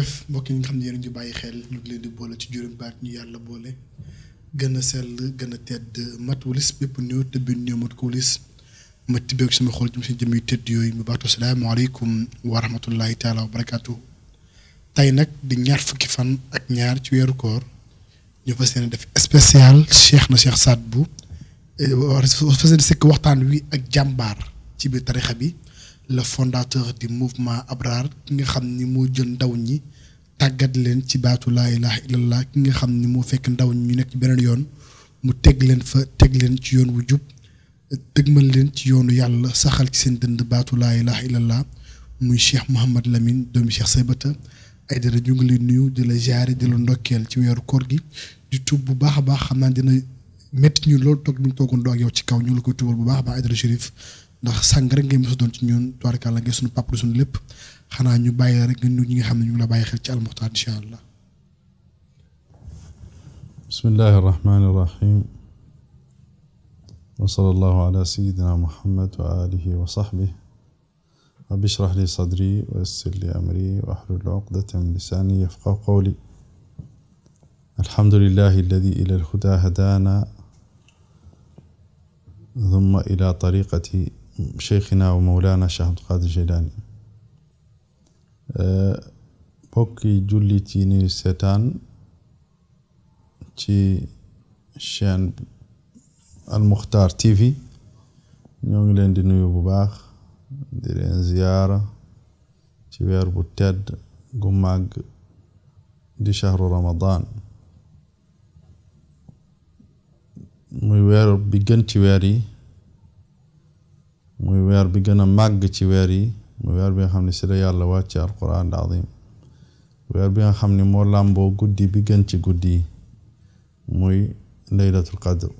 jërëjëf mbokk yi nga xam ne yéen ñu bàyyi xel ñu leen di boole ci juróom baat ñu yàlla boole gën a sell gën a tedd mat wulis bépp néew te bi néew mat ko wulis ma tibbeeg sama xol jëm si jëm yu tedd yooyu mu baatu salaamaaleykum wa rahmatullahi taala wa barakaatu. tey nag di ñaar fukki fan ak ñaar ci weeru koor ñu fas yéene def spécial Cheikh na Cheikh Saad Bou fas yéene sekk waxtaan wi ak jàmbaar ci biir tarixa bi. le fondateur du mouvement Abrar ki nga xam ni moo jël ndaw ñi tàggat leen ci baatu laa ilaha illallah ki nga xam ni moo fekk ndaw ñi ñu nekk ci beneen yoon mu teg leen fa teg leen ci yoon wu jub dëgmal leen ci yoonu yàlla saxal ci seen dënd baatu laa ilaha illallah muy cheikh Mouhamad Lamine doomu cheikh Saybata Aydara ñu ngi lay nuyu di la jaare di la ndokkeel ci weeru koor gi di tuub bu baax a baax xam naa dina métti ñu loolu toog ñu toogoon doo ak yow ci kaw ñu la bu baax a baax ndax sàng rek ngeen mos doon ci ñun tubaarkàlla ngeen suñu pap suñu lépp xanaa ñu bàyyi rek ngeen ñu ñi nga xam ne ñu ngi la bàyyi xel ci almuxtaar incha allah بسم الله الرحمن الرحيم وصلى الله على سيدنا محمد وآله وصحبه رب اشرح لي صدري ويسر لي أمري واحلل عقدة من لساني يفقه قولي الحمد لله الذي إلى الهدى هدانا ثم إلى طريقة شيخنا ومولانا شيخ عبد القادر الجيلاني أه، بوكي جولي تيني ستان تي شان المختار تي في نيونغلين دي نيو بباخ ديرين زيارة تي بير بوتاد قماق دي شهر رمضان muy weer bi gën ci muy weer bi gën a màgg ci weer yi weer bi nga xam ne si la yàlla wàcce alquran azim weer bi nga xam ni moo làmboo guddi bi gën ci guddi muy laylatul qadr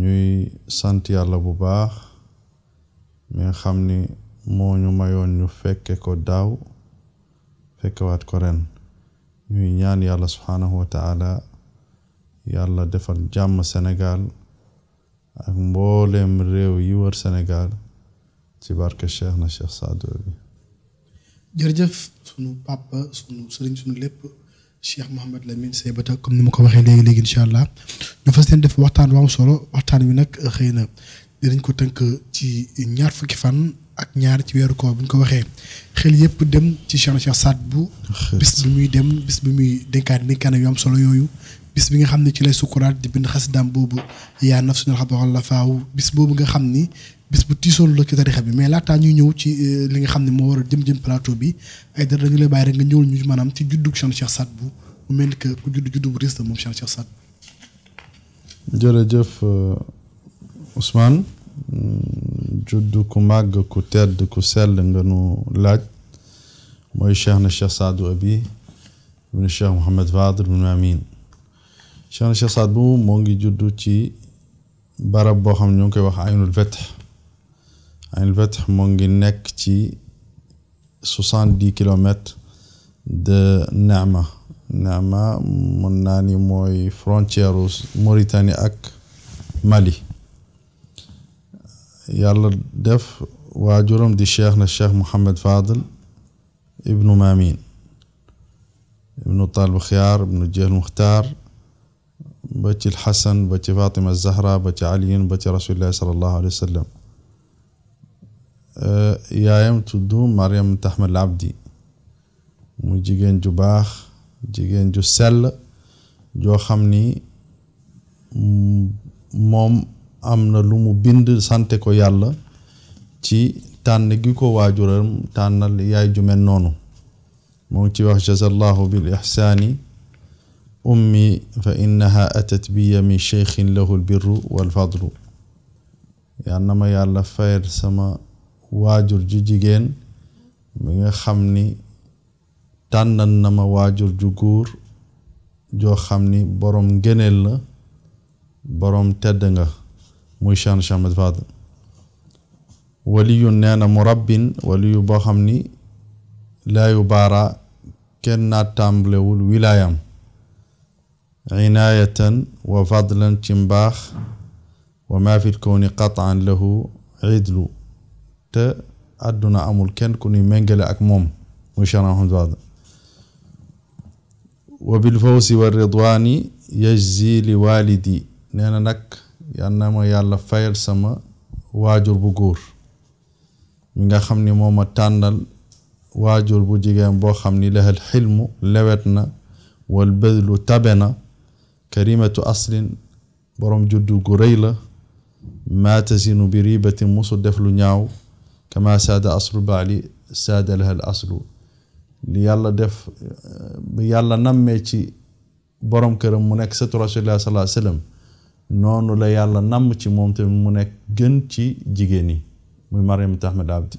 ñuy sant yàlla bu baax mi xam ni moo ñu mayoon ñu fekke ko daaw fekkewaat ko ren ñuy ñaan yàlla subhaanahu wa yàlla defal jàmm Sénégal ak mboolem réew yi wër Sénégal ci barke Cheikh na Cheikh sado bi jërëjëf sunu papa sunu sëriñ sunu lépp Cheikh Mouhamed Lamine Seybatta comme ni ma ko waxee léegi léegi incha allah ñu fa seen def waxtaan waam solo waxtaan wi nag xëy na dañ ko tënk ci ñaar fukki fan ak ñaar ci weeru koor bu ñu ko waxee xel yëpp dem ci Cheikh na Cheikh Saad bu bis bi muy dem bis bi muy dénkaat bi yu am solo yooyu bis bi nga xam ne ci lay sukkuraat di bind xasidaam boobu yaa naf suñu xam waxal la faaw bis boobu nga xam ni bis bu tiisoon la ci tarixa bi mais laataa ñuy ñëw ci li nga xam ne moo war a jëm-jëm plateau bi ay dara dañu lay bàyyi rek nga ñëwul ñu maanaam ci juddug Cheikh Cheikh Saad Bou mu mel ni que ku judd juddu bu riis la moom Cheikh Cheikh Saad Bou jërëjëf Ousmane juddu ku màgg ku tedd ku sell nga nu laaj mooy Cheikh na Cheikh Saad Bou abi ibn Cheikh Mouhamed Fadel ibn Amin Cheikhna Cheikh Saad Bou moo ngi juddu ci barab boo xam ñu ngi koy wax Aynul Fath Aynul Fath moo ngi nekk ci soixante dix kilomètres de Naama Naama mën naa ni mooy frontière Mauritanie ak Mali yàlla def waajuram di Cheikhna Cheikh Mouhamed Fadel ibnu Mamin ibnu Talib Xiyaar ibnu Jeel Muxtaar بتي الحسن بتي فاطمة الزهرة بتي علي بتي رسول الله صلى الله عليه وسلم يا اه، يم تدوم مريم تحمل العبدي مجيجين جو باخ جيجين جو سل جو خمني moom am na بند سانتي bind sante تي تان ci tànn gi ko waajuram tànnal yaay ju mel noonu moo bil أمي فإنها أتت بي من شيخ له البر والفضل يعني ما يالا فير سما واجر جيجين من خمني تنن نما واجر جوجور جو خمني بروم جنل بروم تدنغا موشان شامد فاضل ولي نانا مرب ولي بخمني لا يبارى كنا تامبلول ولايام عناية وفضلا تنباخ وما في الكون قطعا له عدل ت أدنا أمول كن كوني منجل أكموم مشانا حمد وبالفوز والرضوان يجزي لوالدي نانا نك يانما يالا فايل سما واجر بقور من mi nga xam ni moo ma tànnal waajur bu jigéen boo xam ni كريمة أصل برم جد قريلة ما تزين بريبة مصدف لنعو كما ساد أصل بعلي ساد لها الأصل ليالا دف بيالا نميتي برم كرم منك ست رسول الله صلى الله عليه وسلم نونو ليالا نمتي مومت منك جنتي جيجيني مي مريم تحمد عبدي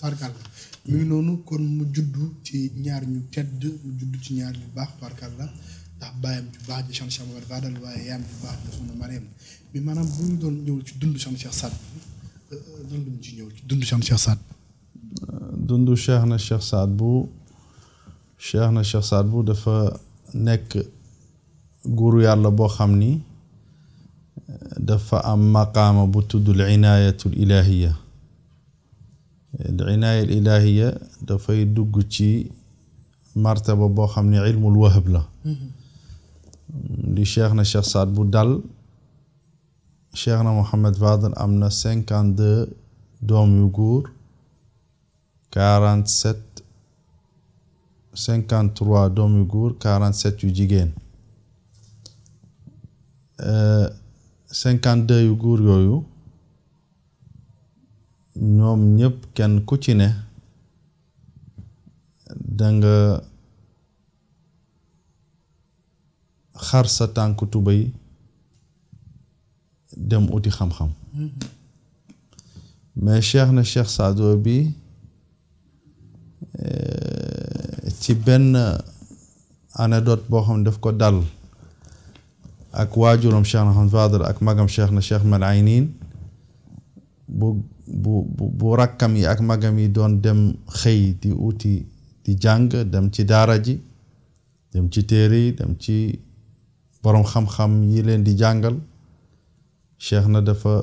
تركال مي نونو كون مجدو تي نيار نيو مجدو تي نيار الباخ تركال الله ndax bàyyam ju baax ji Cheikh Cheikh Mamadou Fadal waaye yaayam ju baax ji soxna Mariam bi maanaam bu ñu doon ñëw ci dund Cheikh Cheikh Saad lan lañ ci ñëw ci dund Cheikh Cheikh Saad dund Cheikh na Cheikh Saad bu Cheikh na Cheikh Saad bu dafa nekk góoru yàlla boo xam ni dafa am maqaama bu tudd al inaayatu al ilaahiya al inaaya al ilaahiya dafay dugg ci martaba boo xam ni ilmul wahab la li cheikh na cheikh Saad bu dal cheikh na Mohamed Fadel am na cinquante deux doom yu góor quarante sept cinquante trois doom yu góor quarante sept yu jigéen euh, cinquante deux yu guur yooyu ñoom ñëpp kenn ku ci ne danga xar sa tànk tubéy dem uti xam-xam mais cheikh na cheikh Sadio bi ci benn anecdote boo xam ne daf ko dal ak waajuram cheikh na xam Fadal ak magam cheikh na cheikh Mal Aynin bu bu bu rakkam yi ak magam yi doon dem xëy di uti di jàng dem ci daara ji dem ci téere yi dem ci borom xam-xam yi leen di jàngal cheikh na dafa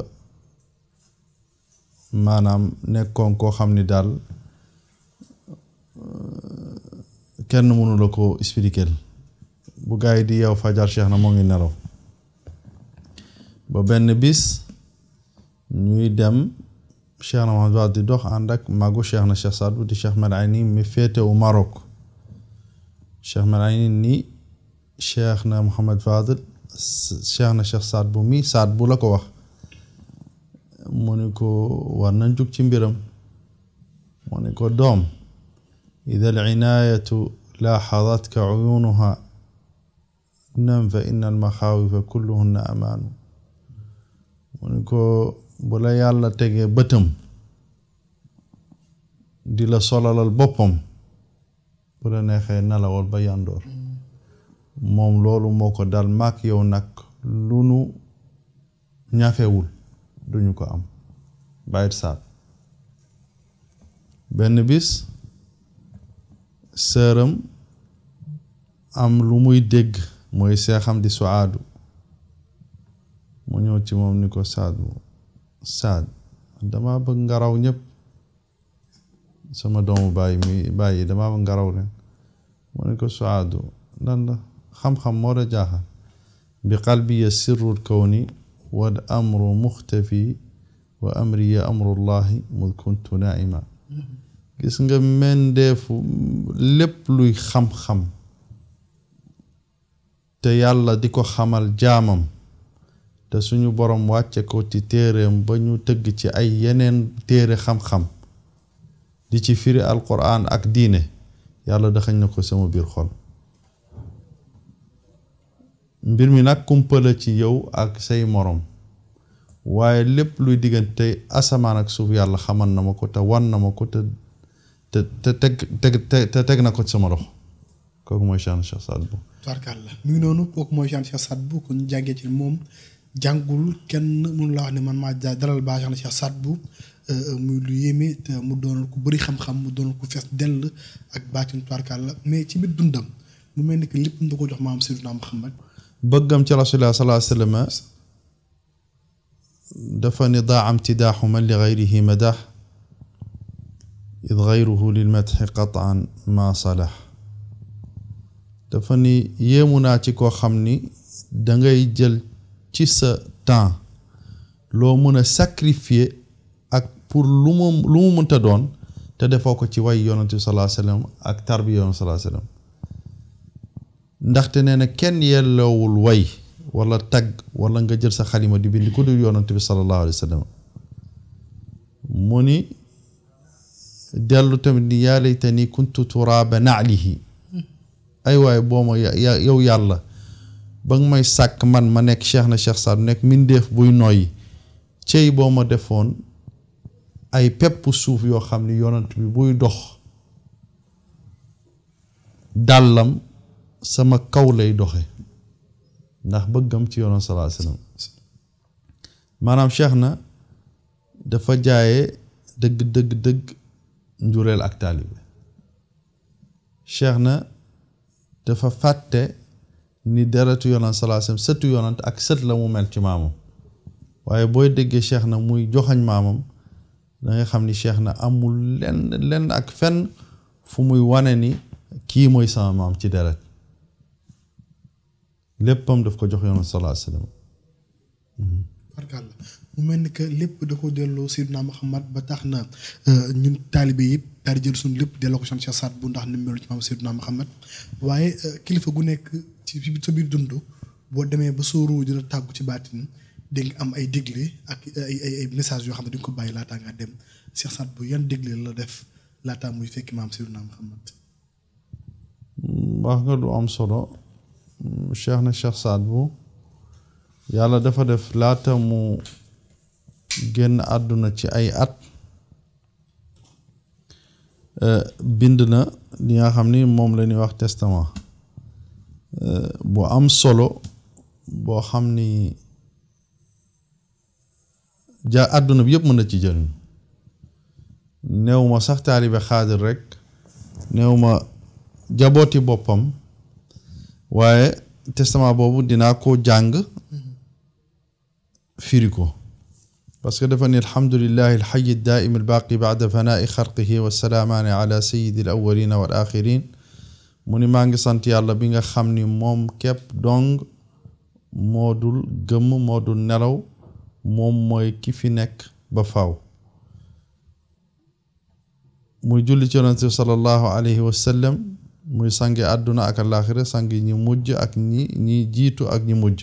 maanaam nekkoon koo xam ni daal kenn mënu la ko expliquer bu gaa yi di yow fajar cheikh na moo ngi nelaw ba benn bis ñuy dem cheikh na Mohamed di dox ànd ak magu cheikh na cheikh sadou di cheikh Medayni mi féetewu Maroc cheikh Medayni ni شيخنا محمد فاضل شيخنا شيخ سعد بومي سعد بولك وخ مونيكو ورننجوك تنبيرم مونيكو دوم إذا العناية لاحظتك عيونها نم فإن المخاوف كلهن أمان مونيكو بلا يالا تيجي بتم دي لا صلاة للبوبم بلا نخي نلا والبيان دور moom loolu moo ko dal maak yow nag lu nu ñafewul duñu ko am bàyyit saab benn bis sëram am lu muy dégg mooy seexam di suaadu mu ñëw ci moom ni ko saadu saad dama bëgg ngaraw ñépp sama doomu bàyyi mi bàyyi dama bëgg ngaraw leen mu ni ko suaadu lan la خمخم مرة جاها بقلبي السر الكوني والأمر مختفي وأمري أمر الله مذ كنت نائما gis nga men def lépp luy xam-xam te yàlla di ko xamal jaamam te suñu borom wàcce ko ci téeréem ba ñu tëgg ci ay yeneen téere xam-xam di ci firi alquran ak diine yàlla daxañ na ko sama biir xol mbir mi nag kumpa la ci yow ak say moroom waaye lépp luy diggante asamaan ak suuf yàlla xamal na ma ko te wan na ma ko te te te teg te teg na ko ci sama loxo kooku mooy Cheikhna Cheikh Saad mi ngi noonu kooku mooy Cheikhna Cheikh Saad Bou kon jàngee ci moom jàngul kenn mënu la wax ne man maa dalal baa Cheikhna Cheikh bu Bou euh, euh, muy lu yéeme te mu doonal ku bëri xam-xam mu doonal ku fees dell ak baatin la mais ci biir dundam mu mel ni que lépp mu da ko jox maam Seydina Muhammad بقم تي رسول الله صلى الله عليه وسلم دفني ضاع امتداح من لغيره مدح إذ غيره للمدح قطعا ما صلح دفني يمناتك وخمني دنغي جل تيسا تان لو من سكريفي اك بور لوم لومو تدون تدفوكو تي يونتي صلى الله عليه وسلم اك تربي يونتي صلى الله عليه وسلم ndaxte nee na kenn yelloowul way wala tagg walla nga jël sa xalima di bind ku dul yonant bi sallallahu alayhi wa sallam ni dellu tamit ni yaa laytani kuntu boo ma yow yàlla ba nga may sàkk man ma nekk cheikh na cheikh Saad nekk mindeef buy noyyi cey boo ma defoon ay pepp suuf yoo xam ne yonant bi buy dox dàllam sama kaw lay doxe ndax bëggam ci yoonu salaa sallam maanaam cheikh na dafa jaaye dëgg dëgg dëgg njureel ak taalibe cheikh na dafa fàtte ni deretu yonant salaa sallam sëtu yonant ak sët la mu mel ci maamam waaye booy déggee cheikh na muy joxañ maamam da xam ni cheikh na amul lenn lenn ak fenn fu muy wane ni kii mooy sama maam ci deret léppam daf ko jox yoonu salaa salaam. barkàlla mu mel ni que lépp da ko delloo Seydina Muhammad ba tax na ñun taalibe yëpp daal di jël suñu lépp delloo ko seen Cheikh Saad bu ndax ni mu mel ci maam Seydina Muhammad waaye kilifa gu nekk ci sa biir dund boo demee ba sóoroo dina tàggu ci baatin di nga am ay digle ak ay ay ay messages yoo xam ne di nga ko bàyyi laataa ngaa dem Cheikh Saad bu yan digle la def laataa muy fekki maam Seydina Muhammad. wax nga du am solo. cheikh na cheikh saad bu yàlla dafa def laata mu génn àdduna ci ay at euh, bind na li nga xam ni moom la ñuy wax testament euh, bu am solo boo xam ni ja àdduna bi yëpp mën na ci jël néew ma sax taalibe xaadir rek néew ma jabooti boppam waaye testament boobu dinaa ko jàng firi ko parce que dafa ni alhamdulillahi alxayi daaim albaaqi bacda fanaai xalqihi wasalaamaani ala sayidi alawalina wal axirin mu ni maa ngi sant yàlla bi nga xam ni moom képp dong moo dul gëmm moo dul nelaw moom mooy ki fi nekk ba faw muy julli ci yonente bi salallahu alayhi wasallam muy sangi aduna ak alaaxira sangi ñi mujj ak ñi ñi jiitu ak ñi mujj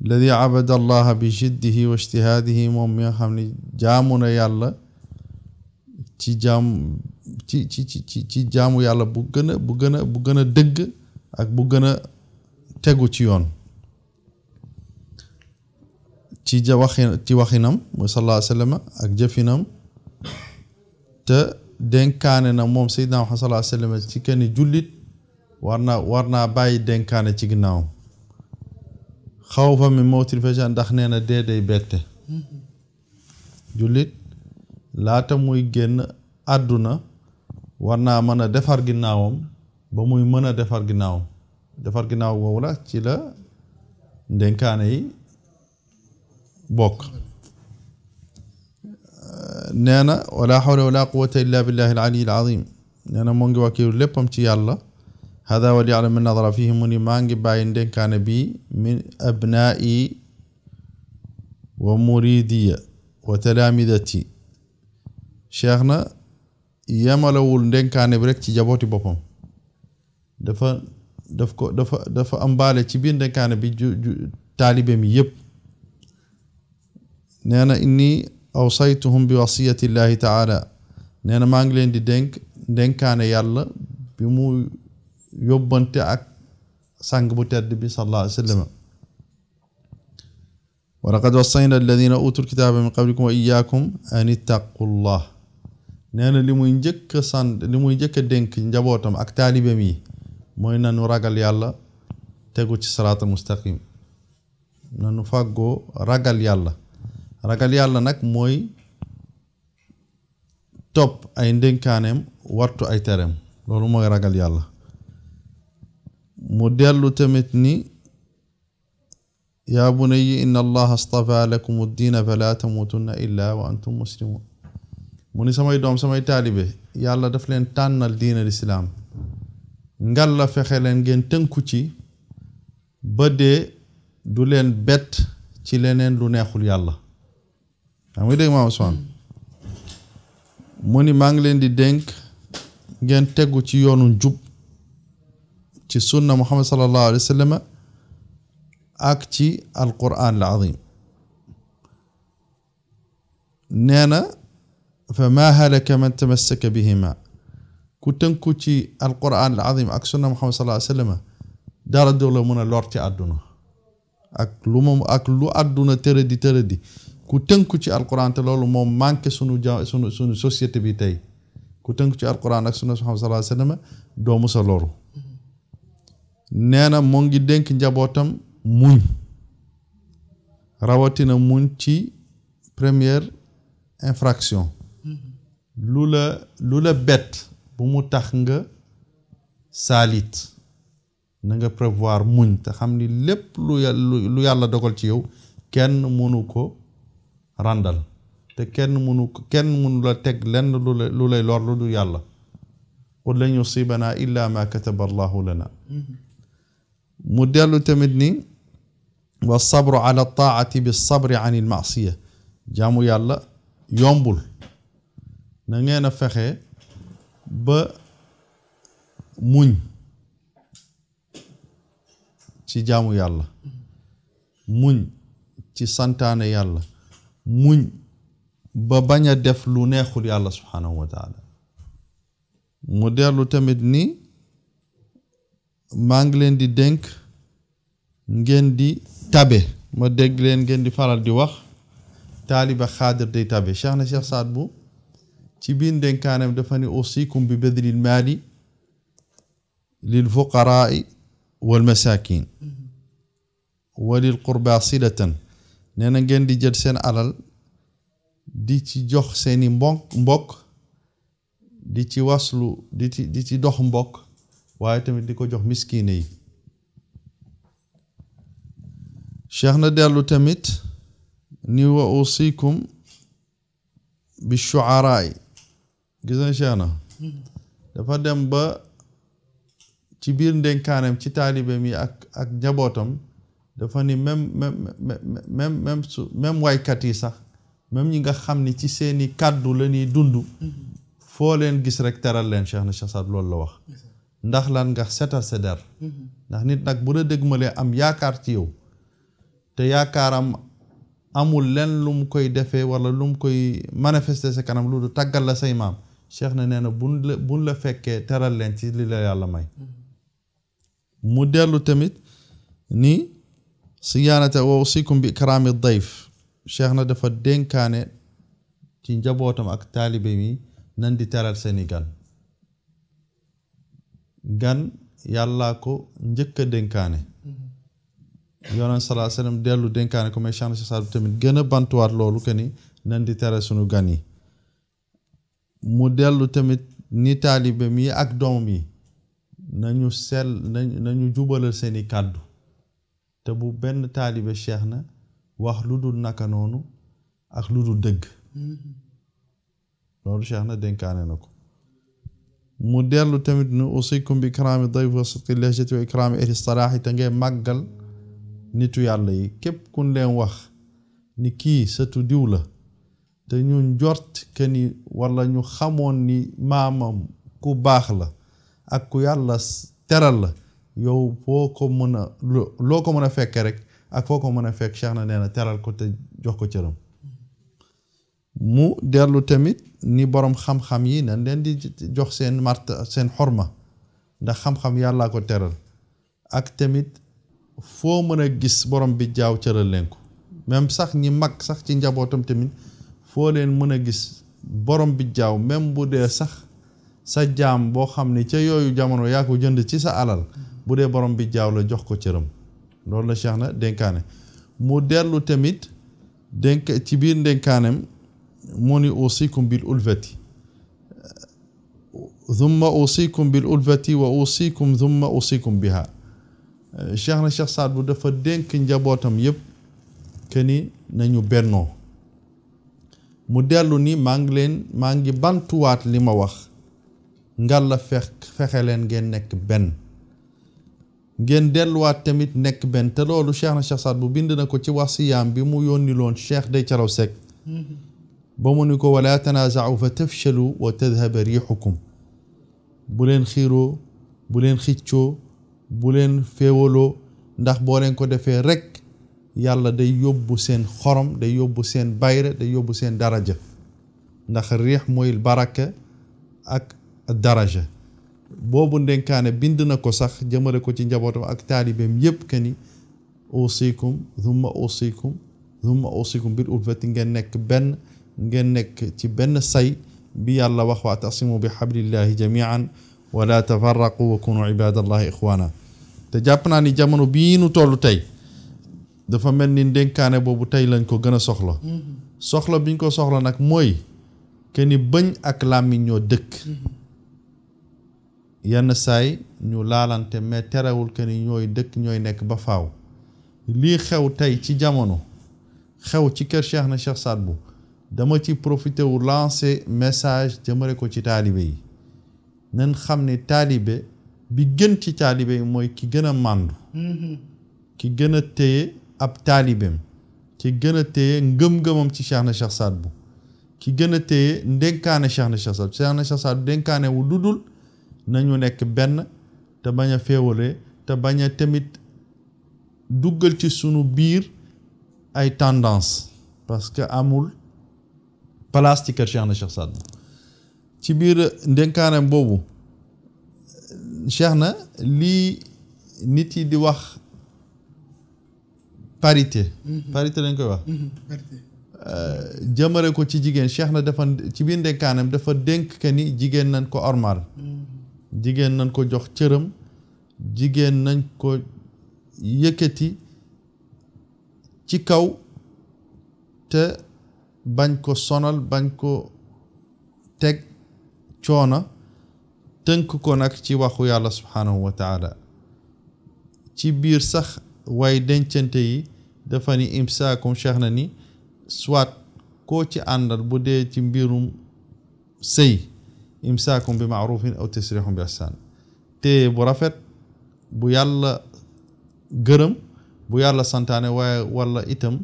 alladi abada allaha bi jiddihi wa ijtihaadihi moom mi nga xam yàlla ci jam ci ci ci ci jamu yàlla bu gën a bu gën a bu gën a dëgg ak bu gën a ci yoon ci ja ci waxinam muy sallallahu alayhi wa sallam ak jëfinam te denkaane na moom Seydina Muhammad sallallahu alayhi wa sallam ci kenn jullit war naa war naa bàyyi denkaane ci ginnaawam xaw fa mi mawtil faja ndax nee na dee day bette jullit laata muy génn àdduna war naa mën a defar ginnaawam ba muy mën a defar ginnaawam defar ginnaaw boobu la ci la ndenkaane yi bokk nee na wala xawla wala quwata illa billahi alali alazim nee na moo ngi wàkkiiru léppam ci yàlla hada wali yàlla min nadara fihi mu ni maa ngi bàyyi ndenkaane bi min abnaa'i wa muridiya wa talaamidati cheikh na yemalawul ndenkaane bi rek ci jabooti boppam dafa dafa dafa ci biir ndenkaane bi ju taalibe mi yëpp nee na inni أوصيتهم بوصية الله تعالى نانا مانجلين دي دنك دنكان يالا بمو يبن تاك سانغ بي صلى الله عليه وسلم ولقد وصينا الذين أوتوا الكتاب من قبلكم وإياكم أن اتقوا الله نانا مو ينجك سان مو ينجك دنك نجابوتم أكتالي بمي موينا نراغل يالا تقوش صراط المستقيم ننفقو رجل يالله ragal yàlla nag mooy topp ay ndénkaaneem wartu ay tereem loolu mooy ragal yàlla mu dellu tamit ni yaa bunayya inna allaha astafaa lakum addiina falaa tamuutunna illaa wa antum muslimun mu ni samay doom samay taalibe yàlla daf leen tànnal diina lislaam ngal fexe leen ngeen tënku ci ba dee du leen bett ci leneen lu neexul yàlla xam nga dégg maa Ousmane mu maa ngi leen di dénk ngeen tegu ci yoonu jub ci sunna muhammad sallallahu alayhi wa sallam ak ci alquran al azim na fa maa halaka man tamassaka bihima ku tënku ci alquran al azim ak sunna muhammad sallallahu alayhi dara du la mën a loor ci àdduna ak lu moom ak lu àdduna tërëdi tërëdi ku tënku ci alquran te loolu moom manqué sunu ja sunu sunu société bi tey ku tënku ci alquran ak sunu Muhammad sallallahu alayhi wasallam doo musa loru nee na moo ngi dénk njabootam muñ rawatina muñ ci première infraction lu la lu la bett bu mu tax nga saalit na nga prévoir muñ te xam ni lépp lu lu yàlla dogal ci yow kenn mënu ko randal te kenn munu kenn munu la teg lenn lu lay lor lu du yàlla qul lan yusibana illa ma kataba allah lana mu dellu tamit ni wa sabru ala taati bi sabri an al ma'siyah jamu yàlla yombul na ngeena a fexe ba muñ ci jamu yàlla muñ ci santane yàlla muñ ba bañ a def lu neexul yàlla subhanahu wa taala mu dellu tamit ni maa ngi leen di dénk ngeen di tabe ma dégg leen ngeen di faral di wax taaliba xaadir day tabe cheikh na cheikh saad bu ci biir dénkaaneem dafa ni usikum bi badlil maali lil fuqaraai wal masaakin wa lil qurba silatan nee na ngeen di jël seen alal di ci jox seeni mbokk mbokk di ci waslu di ci dox mbokk waaye tamit di ko jox miskiine yi cheikh na dellu tamit ni wa usikum bi shuaraay gis na na dafa dem ba ci biir ndénkaaneem ci taalibe yi ak njabootam dafa ni même même même même su même waykat yi sax même ñi nga xam ni ci seeni kàddu la ñuy dund foo leen gis rek teral leen Cheikh na Cheikh Saad loolu la wax ndax lan nga setal sa der ndax nit nag bu la dëgmalee am yaakaar ci yow te yaakaaram amul leen lu mu koy defee wala lu mu koy manifester sa kanam lu du tàggal la say maam Cheikh na nee na buñ la buñ la fekkee teral leen ci li la yàlla may mu dellu tamit ni siyaanate wawsikum bi ikraami dayf cheikh na dafa dénkaane ci njabootam ak taalibe mi nan di teral seeni gan gan yàllaa ko njëkk a dénkaane yonent salaa sallam dellu dénkaane ko mais cheikh na si saadu tamit gën bantuwaat loolu que ni nan di teral sunu gan yi mu dellu tamit ni taalibe yi ak doom yi nañu sell nañu jubalal seeni kàddu te bu benn taalibe cheikh na wax lu dul naka noonu ak lu dul dëgg loolu cheikh na dénkaane na ko mu dellu tamit nu usikum bi ikraami dayf wa sidqi lahjati wa ikraami ahli salaahi te ngay màggal nitu yàlla yi képp kun leen wax ni kii sëtu diw la te ñu njort ke ni wala ñu xamoon ni maamam ku baax la ak ku yàlla teral la yow foo ko mën a loo ko mën a fekke rek ak foo ko mën a fekk Cheikh na nee na teral ko te jox ko cëram mu dellu tamit ni borom xam-xam yi na leen di jox seen mart seen xorma ndax xam-xam yàllaa ko teral ak tamit foo mën a gis borom bi jaaw cëral leen ko même sax ñi mag sax ci njabootam tamit foo leen mën a gis borom bi jaaw même bu dee sax sa jaam boo xam ni ca yooyu jamono yaa ko jënd ci sa alal bu dee borom bi jaaw la jox ko cëram loolu la Cheikh na dénkaane mu dellu tamit dénk ci biir dénkaanem moo ni usikum bil ulfati thumma usikum bil ulfati wa usikum thumma usikum biha Cheikh na Cheikh Saad bu dafa dénk njabootam yëpp ke ni nañu bennoo mu dellu ni maa ngi leen maa ngi bantuwaat li ma wax ngal la fex fexe leen ngeen nekk benn ngeen delluwaat tamit nekk benn te loolu cheikh na cheikh saad bu bind na ko ci wasiyaam bi mu yónni loon cheikh day caraw sekk ba mu ni ko wala tanaazacu fa tafshalu wa tadhaba riixukum bu leen xiiroo bu leen xiccoo bu leen féewaloo ndax boo leen ko defee rek yàlla day yóbbu seen xorom day yóbbu seen bayre day yóbbu seen daraja ndax riix mooy baraka ak daraja boobu ndenkaane bind na ko sax jëmale ko ci njabootam ak taalibeem yépp ke ni usikum thumma usikum thumma usikum bil ulfati ngeen nekk benn ngeen nekk ci benn say bi yàlla wax wa tasimu bi xablillahi jamian wala tafarraqu wa kunu ibadallahi ixwana te jàpp naa ni jamono bii nu toll tey dafa mel ni ndenkaane boobu tey lañ ko gën a soxla soxla biñ ko soxla nag mooy ke ni bëñ ak làmmiñ ñoo dëkk yenn saay ñu laalante mais terewul que ñooy dëkk ñooy nekk ba faw lii xew tey ci jamono xew ci kër Cheikh na Cheikh Saad dama ci profité wu lancer message jëmale ko ci taalibe yi nañ xam ne taalibe bi gën ci taalibe yi mooy ki gën a màndu mm-hmm. ki gën a téye ab taalibeem ki gën a téye ngëm-ngëmam ci Cheikh na Cheikh Saad Bou ki gën a téye ndénkaane Cheikh na Cheikh dudul nañu nekk benn te bañ a féewale te bañ a tamit duggal ci sunu biir ay tendance parce que amul place ci kër Cheikh na Cheikh Saad ci biir ndénkaaneem boobu Cheikh na lii nit yi di wax parité mhm. parité lañ koy wax mhm, euh, jëmale ko ci jigéen Cheikh na dafa ci biir ndénkaaneem dafa dénk ke ni jigéen nañ ko ormal mhm. jigéen nañ ko jox cëram jigéen nañ ko yëkkati ci kaw te bañ ko sonal bañ ko teg coona tënk ko nag ci waxu yàlla subhaanahu wa ci biir sax way dencante yi dafa ni imsaakum cheikh na ni soit koo ci àndal bu dee ci mbirum sëy إمساك بمعروف أو تسريح بإحسان تي برافت بيالا gërëm bu yàlla santaane waaye wala itam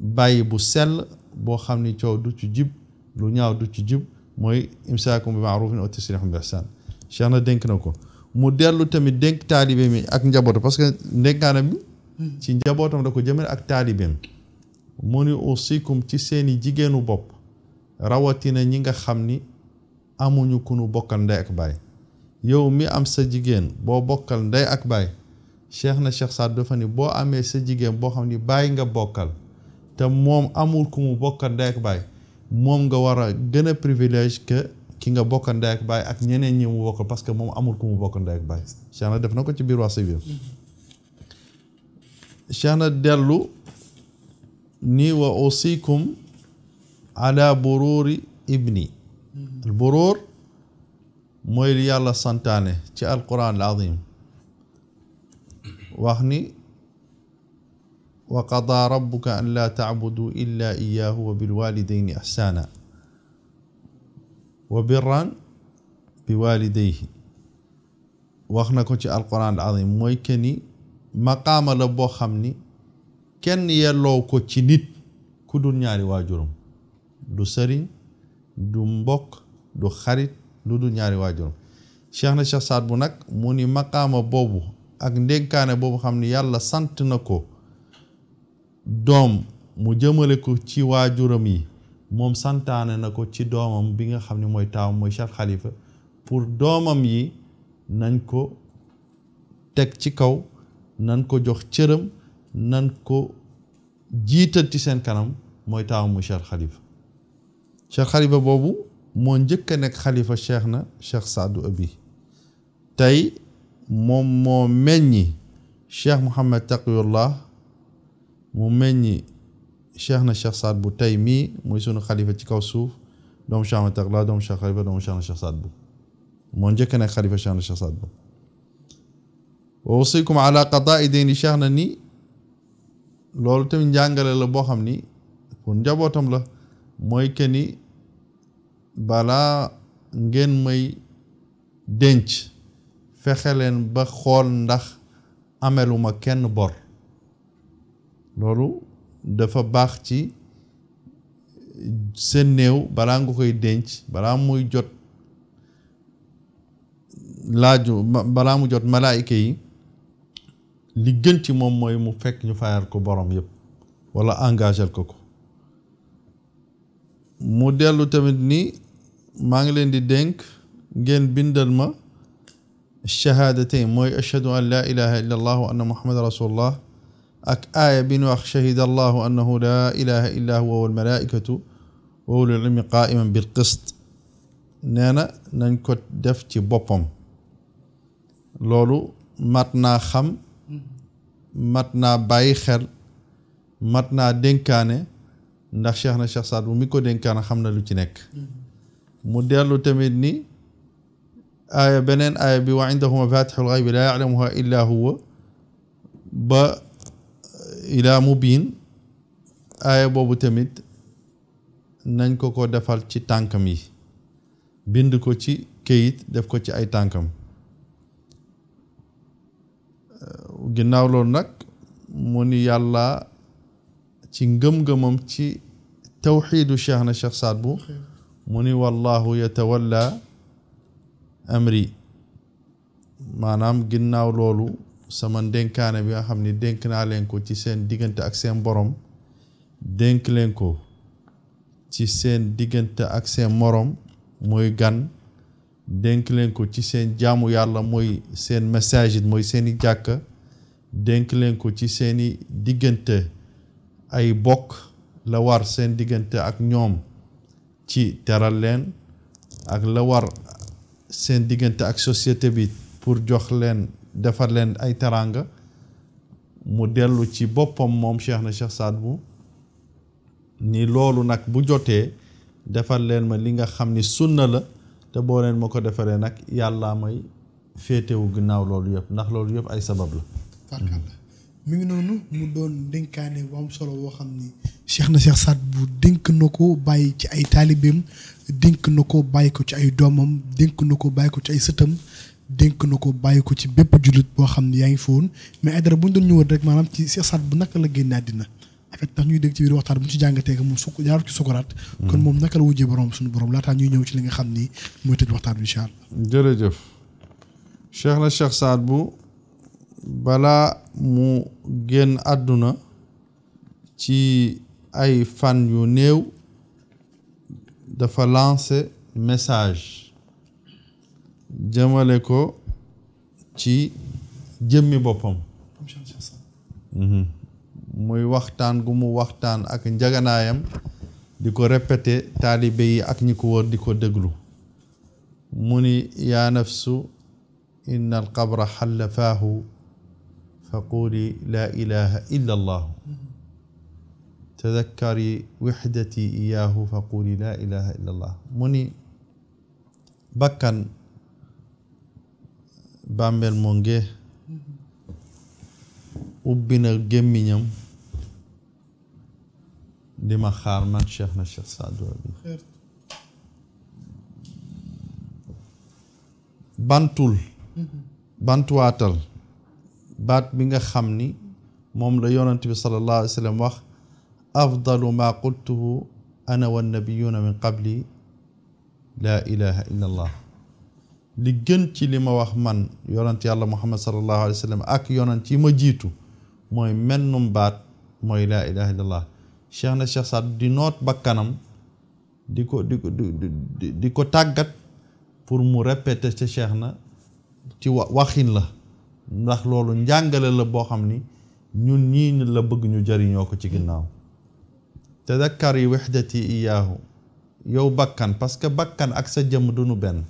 bàyyi bu sell boo xam ni coow du ci jib lu ñaaw du ci jib mooy imsaakum bi maarufin aw tasrihum bi ihsan cheikh na dénk na ko mu dellu tamit dénk taalibe mi ak njabootam parce que ndénkaana bi ci njabootam da ko jëmale ak taalibeem mu ni usikum ci seeni jigéenu bopp rawatina ñi nga xam ni amuñu kunu nu bokkal ndey ak bay yow mi am sa jigen bo bokkal nday ak bay cheikh na cheikh saad dafa ni boo sa jigen bo xamni bay nga bokkal te mom amul kumu mu bokkal ndey ak bay mom nga wara gëna privilège que ki nga bokkal nday ak bay ak ñeneen ñi mu bokkal parce que mom amul kumu mu bokkal ndey ak bay cheikh na def nako ci biir wasa cheikh na delu ni wa usikum ala bururi ibni البرور موي لي يالا سانتاني تي القران العظيم واخني وقضى ربك ان لا تعبدوا الا اياه وبالوالدين احسانا وبرا بوالديه واخنا كنت القران العظيم موي كني مقام لبو خمني كن يلو كو تي نيت كودو نياري واجورم دو سرين du mbokk du xarit lu dul ñaari waajuram cheikh na cheikh saad bu nag mu ni maqaama boobu ak ndénkaane boobu xam ni yàlla sant na ko doom mu jëmale ko ci waajuram yi moom santaane na ko ci doomam bi nga xam ne mooy taawam muy cheikh xalifa pour doomam yi nañ ko teg ci kaw nañ ko jox cëram nan ko jiital ci seen kanam mooy taawam mooy cheikh xalifa cheikh xalifa boobu moo njëkk a nekk xalifa cheikh na cheikh saadu abi tey moom moo meññi cheikh mouhamad taqiyullah mu meññi cheikh na cheikh saad bu tey mii muy sunu xalifa ci kaw suuf doomu cheikh mouhamad taqiyullah doomu cheikh xalifa doomu cheikh na cheikh saad bu moo njëkk a nekk xalifa cheikh na cheikh saad bu wa usikum ala qadaai deyni cheikh na ni loolu tamit njàngale la boo xam ni pour njabootam la mooy que ni balaa ngeen may denc fexe leen ba xool ndax ameluma kenn bor loolu dafa baax ci seen néew balaa nga koy denc balaa muy jot laaju balaa mu jot malaayika yi li gën ci moom mooy mu fekk ñu fayal ko borom yëpp wala engagel ko ko mu dellu tamit ni maa ngi leen di dénk ngeen bindal ma shahaadatain mooy ashhadu an laa ilaha illa allah wa anna muhammada rasulullah ak aaya bi nu wax shahida allahu annahu laa ilaha illa huwa walmalaikatu wa ulul ilmi qaiman bil qist nee na nañ ko def ci boppam loolu mat naa xam mat naa bàyyi xel mat naa dénkaane ndax cheikh na cheikh Saad bu mi ko dénkaan xam na lu ci nekk mu dellu tamit ni aaya beneen aaya bi wa indahuma fatixul xaybi laa yaclamuha illa huwa ba ilaa mubin aaya boobu tamit nañ ko ko defal ci tànkam yi bind ko ci këyit def ko ci ay tànkam ginnaaw loolu nag mu ni yàlla ci ngëm-ngëmam ci tawxiidu cheikh na cheikh Saad Bou mu ni wallahu yatawalla amri maanaam ginnaaw loolu sama dénkaane bi nga xam ni dénk naa leen ko ci seen diggante ak seen borom dénk leen ko ci seen diggante ak seen morom mooy gan denk leen ko ci seen jaamu yàlla mooy seen message mooy seeni jàkka dénk leen ko ci seeni diggante ay bokk la war seen diggante ak ñoom ci teral leen ak la war seen diggante ak société bi pour jox leen defar leen ay teraanga mu dellu ci boppam moom Cheikh na Cheikh saat Bou ni loolu nag bu jotee defar leen ma li nga xam ni sunna la te boo leen ma ko defaree nag yàlla may féetewu ginnaaw loolu yëpp ndax loolu yëpp ay sabab la mi ngi noonu mu doon dénkaane bu solo boo xam ni Cheikh na Cheikh saat bu dénk na ko bàyyi ci ay taalibeem dénk na ko bàyyi ko ci ay doomam dénk na ko bàyyi ko ci ay sëtam dénk na ko bàyyi ko ci bépp jullit boo xam ne yaa ngi foon mais ay dara bu ñu doon ñëwoon rek maanaam ci Cheikh Saad bu naka la génn àddina en fait ndax ñuy dégg ci biir waxtaan bu ñu ci jàngatee que moom su jaarul ci sukuraat hmm. kon moom naka la wujjee borom suñu borom laataa ñuy ñëw ci li nga xam ni mooy tëj waxtaan bi incha allah. jërëjëf Cheikh na balaa mu génn àdduna ci ay fan yu néew dafa lancer message jëmale ko ci jëmmi boppam mhm. muy waxtaan gu mu waxtaan ak njaganaayam di ko répéter taalibe yi ak ñi ko wër di ko déglu mu ni yaa nafsu inna alqabra xallafaahu فقولي لا إله إلا الله تذكري وحدتي إياه فقولي لا إله إلا الله مني بكن بامبل مونجه وبين جمينيم لما خار من شيخنا الشيخ سعد وابي بانتول بانتواتل بات ميغا خامني موم لا يونت صلى الله عليه وسلم واخ افضل ما قلته انا والنبيون من قبلي لا اله الا الله لي گنت لي ما واخ مان يونت يالله محمد صلى الله عليه وسلم اك يونت ما جيتو موي منوم بات موي لا اله الا الله شيخنا شيخ سعد دي نوت بكانم ديكو ديكو ديكو تاغات pour mu répéter ci cheikh ci waxin la ndax loolu njàngale la boo xam ni ñun ñii la bëgg ñu jëriñoo ko ci ginnaaw tadakkari wixdati iyaahu yow bakkan parce que bakkan ak sa jëmm duñu benn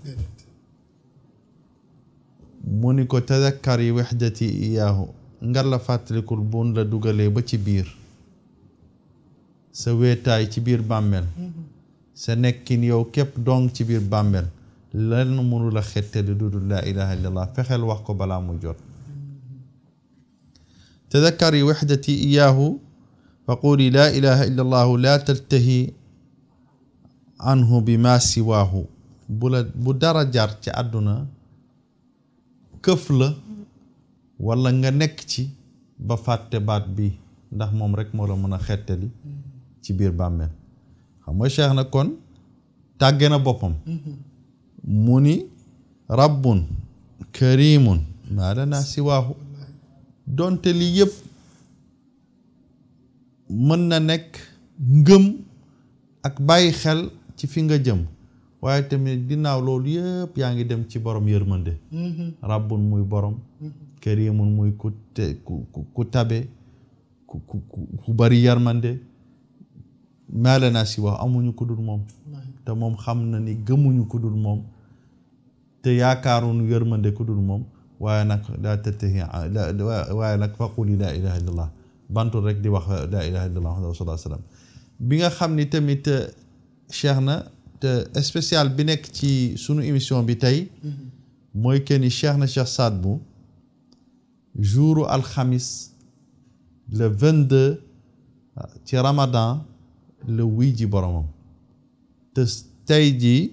mu ni ko tadakkari wixdati iyaahu nga la fàttalikul buun la dugalee ba ci biir sa weetaay ci biir bàmmeel sa nekkin yow képp dong ci biir bàmmeel lan munu la xettali dudul laa ilaha illallah fexeel wax ko balaa mu jot تذكري وحدتي إياه فقولي لا إله إلا الله لا تلتهي عنه بما سواه بدرجة درجة àdduna këf la walla nga nekk ci ba fàtte baat bi ndax moom rek moo la mën a xettali ci biir bàmmeel xam nga cheikh na kon tàgge na boppam mu ni rabbun karimun maa lanaa siwaahu donte lii yëpp mën na nekk ngëm ak bàyyi xel ci fi nga jëm waaye tamit dinaaw loolu yépp yaa ngi dem ci borom yërmande mhm. rabbun muy boroom mhm. karimun muy ku ku ku tabe ku ku ku bari yërmande maale naa si wax amuñu ku moom te moom xam na ni gëmuñu ku dul moom te yaakaaruñu yërmande ku moom وانك لا تتهي لا وانك فقولي لا اله الا الله بانتو رك دي واخ لا اله الا الله محمد رسول الله صلى الله عليه وسلم بيغا خامني تميت شيخنا ت سبيسيال بي نيك تي سونو ايميسيون بي تاي موي كان شيخنا شيخ سعد بو جورو الخميس le 22 ci ramadan le wii ji boromam te tey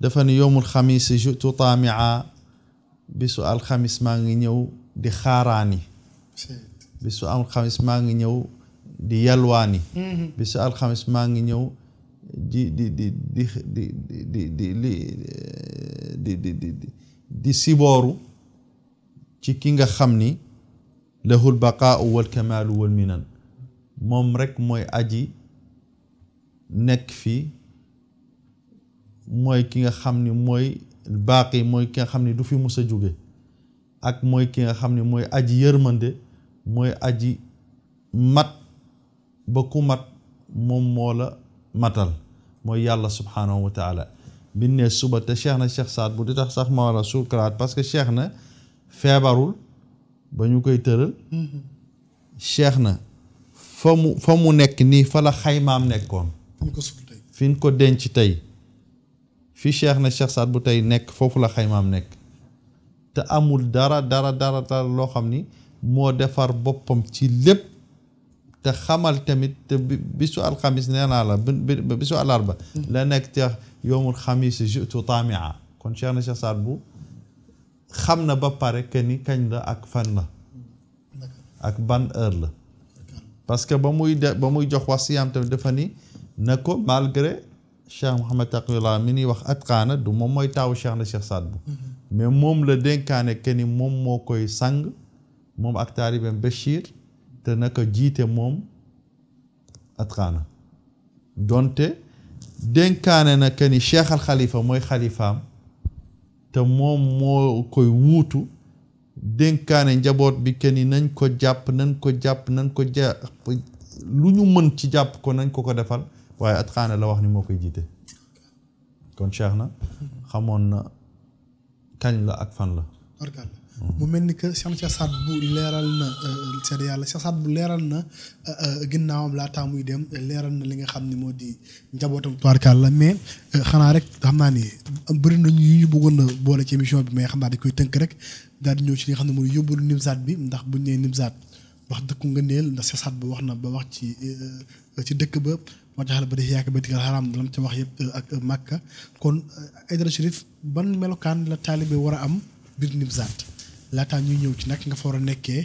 dafa ne yowmul xamis jutu taamia bisu alxamis maa ngi ñëw di xaaraani bisu alxamis maa ngi ñëw di yalwaani bisu alxamis maa ngi ñëw di di di sibooru ci ki nga xam ni lahul baqaau wal kamaalu moom rekk mooy aji nekk fii mooy ki nga xam ni mooy baaqi mooy ki nga xam ni du fi mus a jóge ak mooy ki nga xam ni mooy aji yërmande mooy aji mat ba ku mat moom moo la matal mooy yàlla subhanahu wa taala bi ne suba te cheikh na cheikh saad bu di tax sax ma war a parce que cheikh na feebarul ba ñu koy tëral cheikh na fa mu fa mu nekk nii fa la xaymaam nekkoon fi ñu ko denc tey fi cheikh na cheikh Saad bu tay nek fofu la xaymaam nek te amul dara dara dara dara lo xamni mo defar bopam ci lépp te xamal tamit te bisu al khamis neena la bisu al arba la nek te yomul khamis jitu tamia kon cheikh na cheikh Saad bu xamna ba pare ke ni kagn la ak fan la ak ban heure la parce que ba muy ba muy jox wax siyaam tamit dafa ni na malgré Cheikh Mouhamed Taqiyullah mi ñuy wax atqaana du moom mooy taawu Cheikh na Cheikh Saad Bou mais moom la dénkaane ke ni moom moo koy sang moom ak taalibeem Bachir te naka jiite moom atqaana donte dénkaane na ke ni Cheikh al mooy xalifaam te moom moo koy wuutu dénkaane njaboot bi ke ni nañ ko jàpp nañ ko jàpp nañ ko jàpp lu ñu mën ci jàpp ko nañ ko ko defal waaye at xaana la wax ni moo koy jiite kon Cheikh na xamoon na kañ la ak fan la. barkaal mu mel ni que Cheikh Cheikh Saad bu leral na seede yàlla Cheikh sad bu leral na ginnaawam laataa muy dem leral na li nga xam ne moo di njabootam tubaarkaal la mais xanaa rek xam naa ni bëri na ñu ñu bëggoon na boole ci émission bi mais xam naa dañ koy tënk rek daal di ñëw ci li nga xam ne mooy yóbbalu Nimzaat bi ndax buñ nee Nimzaat. wax dëkku ngëneel ndax seesaat ba wax na ba wax ci euh, ci dëkk ba wax jaxal ba di yaaka baytikal xaraam dalam ca wax yépp euh, ak euh, màkka kon Aidara Chérif ban melokaan la taalibe war a am biir Nimzaat laataa ñuy ñëw ci nag nga fa war a nekkee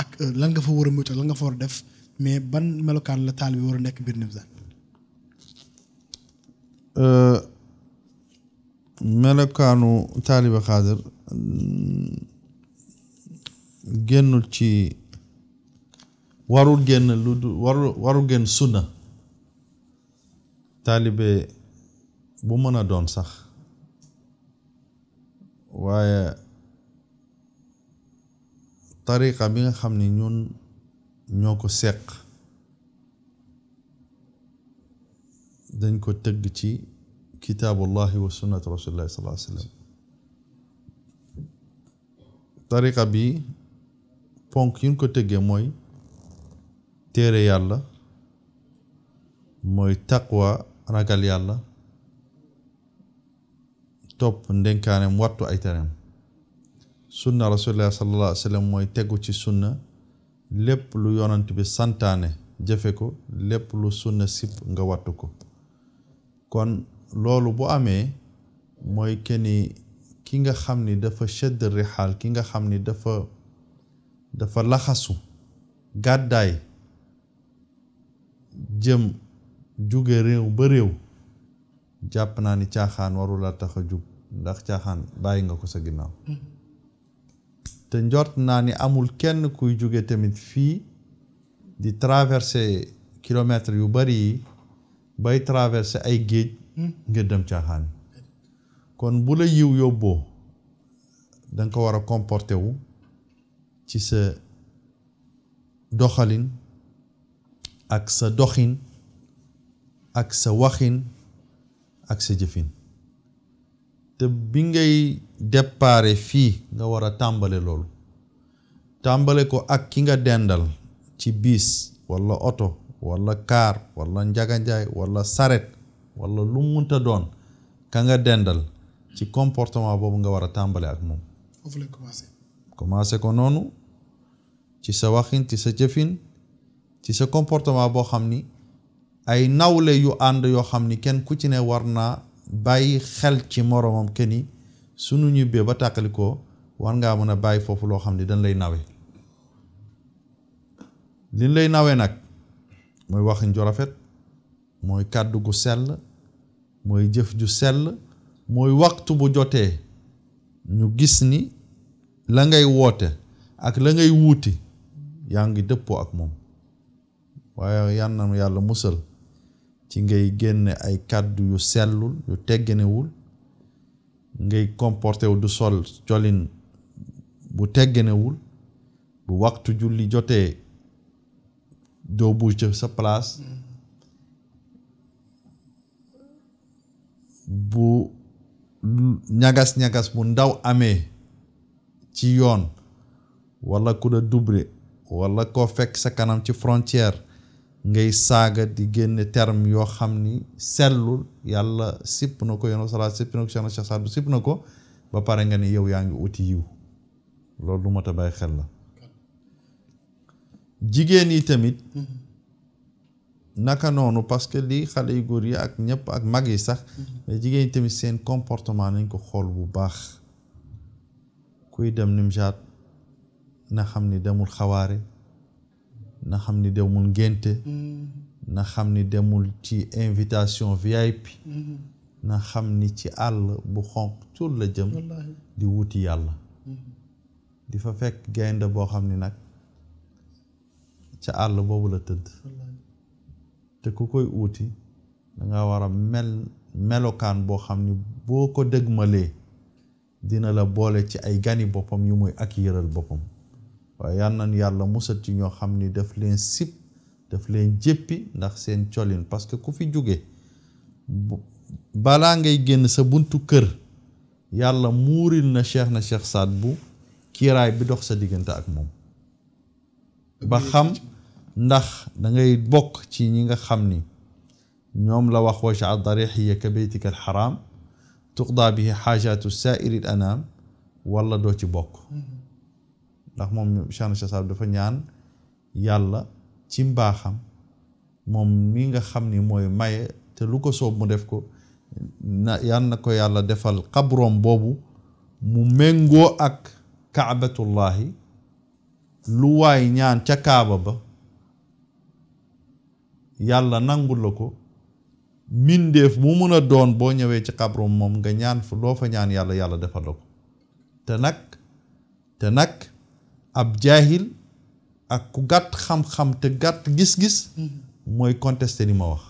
ak lan nga fa war a moytu lan nga fa a def mais ban melokaan la taalibe war a nekk biir Nimzaat melokaanu taalibe xaadir mm, génnul ci warul génn lu sunna taalibe bu mën a doon sax waaye tariqa bi nga xam ne ñun ñoo ko seq dañ ko tëgg ci kitaabullahi wa sunnat rasulillahi sallallahu alayhi wa sallam tariqa bi ponk yu yuñ ko tëggee mooy téere yàlla mooy taqwa ragal yàlla topp ndenkaaneem wattu ay tereem sunna rasulillah sallallahu wa sallam mooy tegu ci sunna lépp lu yonant bi santaane jëfe ko lépp lu sunna sib nga wattu ko kon loolu bu amee mooy keni ki nga xam ni dafa shedd rixaal ki nga xam ni dafa dafa laxasu gàddaay jëm jóge réew ba réew jàpp naa ni caaxaan warula tax a jub ndax caaxaan bàyyi nga ko sa ginnaaw te njort naa ni amul kenn kuy jóge tamit fii di traverser kilomètre yu bari yi bay traverser ay géej hmm. ngir dem caaxaan kon bu la yiw yóbboo danga ko war a comporté wu ci sa doxalin ak sa doxin ak sa waxin ak sa jëfin te bi ngay déparé fii nga war a tàmbale loolu ko ak ki nga dendal ci bis wala oto wala kaar wala njaganjaay wala saret wala lu munta doon ka nga dendal ci comportement boobu nga war a tàmbale ak moom commencé ko noonu ci sa waxin ci sa jëfin ci sa comportement boo xam ni ay nawle yu ànd yoo xam ni kenn ku ci ne war naa bàyyi xel ci moroomam kenn ni sunu ñibbee ba tàqalikoo war ngaa mën a bàyyi foofu loo xam ni dañ lay nawe liñ lay nawee nag mooy waxin ju rafet mooy kàddu gu sell mooy jëf ju sell mooy waxtu bu jotee ñu gis ni la ngay woote ak la ngay wuuti yaa ngi dëppoo ak moom waaye yal musel, yàlla musal ci ngay génne ay kàddu yu sellul yu tegganewul ngay comporter wu du sol colin bu wul bu waxtu julli jotee doo buuj ca sa place bu nyagas nyagas bu ndaw amee ci yoon wala ku la dubre wala koo fekk sa kanam ci frontière ngay saaga di génne terme yoo xam ni sellul yàlla sipp na ko yoonu salaat sipp na ko Cheikhna Cheikh Saad Bou sipp na ko ba pare nga ni yow yaa ngi uti yiw loolu lu mat a bàyyi xel la jigéen yi tamit naka noonu parce que lii xale góor yi ak ñëpp ak mag yi sax mais tamit seen comportement nañ ko xool bu baax kuy dem Nimzaat na xam ni demul xawaare na xam ni demul ngénte mm-hmm. na xam ni demul ci invitation VIP mm-hmm. na xam ni ci àll bu xonq cuur la jëm di wuti yàlla mm-hmm. di fa fekk gaynde boo xam ni nag ca àll boobu la tëdd te ku koy wuti danga war a mel melokaan boo xam ni boo ko dëgmalee dina la boole ci ay gani boppam yu muy ak yëral boppam waaye yal nañ yàlla musal ci ñoo xam ni daf leen sib daf leen jéppi ndax seen colin parce que ku fi jóge balaa ngay génn sa buntu kër yàlla muuril na cheikh na cheikh Saad bu kiiraay bi dox sa diggante ak moom ba xam ndax dangay bokk ci ñi nga xam ni ñoom la wax wacca darixiya ka beytika alxaram tuqdaa xaajaatu saairi al anaam walla doo ci bokk mm-hmm. ndax moom Cheikhna Cheikh Saad Bou dafa ñaan yàlla ci mbaaxam moom mi nga xam ni mooy maye te lu ko soob mu def ko na na ko yàlla defal xabroom boobu mu méngoo ak kaabatullahi lu waay ñaan ca kaaba ba yàlla nangul la ko mindeef mu mën a doon boo ñëwee ci xabroom moom nga ñaan loo fa ñaan yàlla yàlla defal la ko te nag te nag ab jaahil ak ku gàtt xam-xam te gàtt gis-gis mm-hmm. mooy contesté li ma wax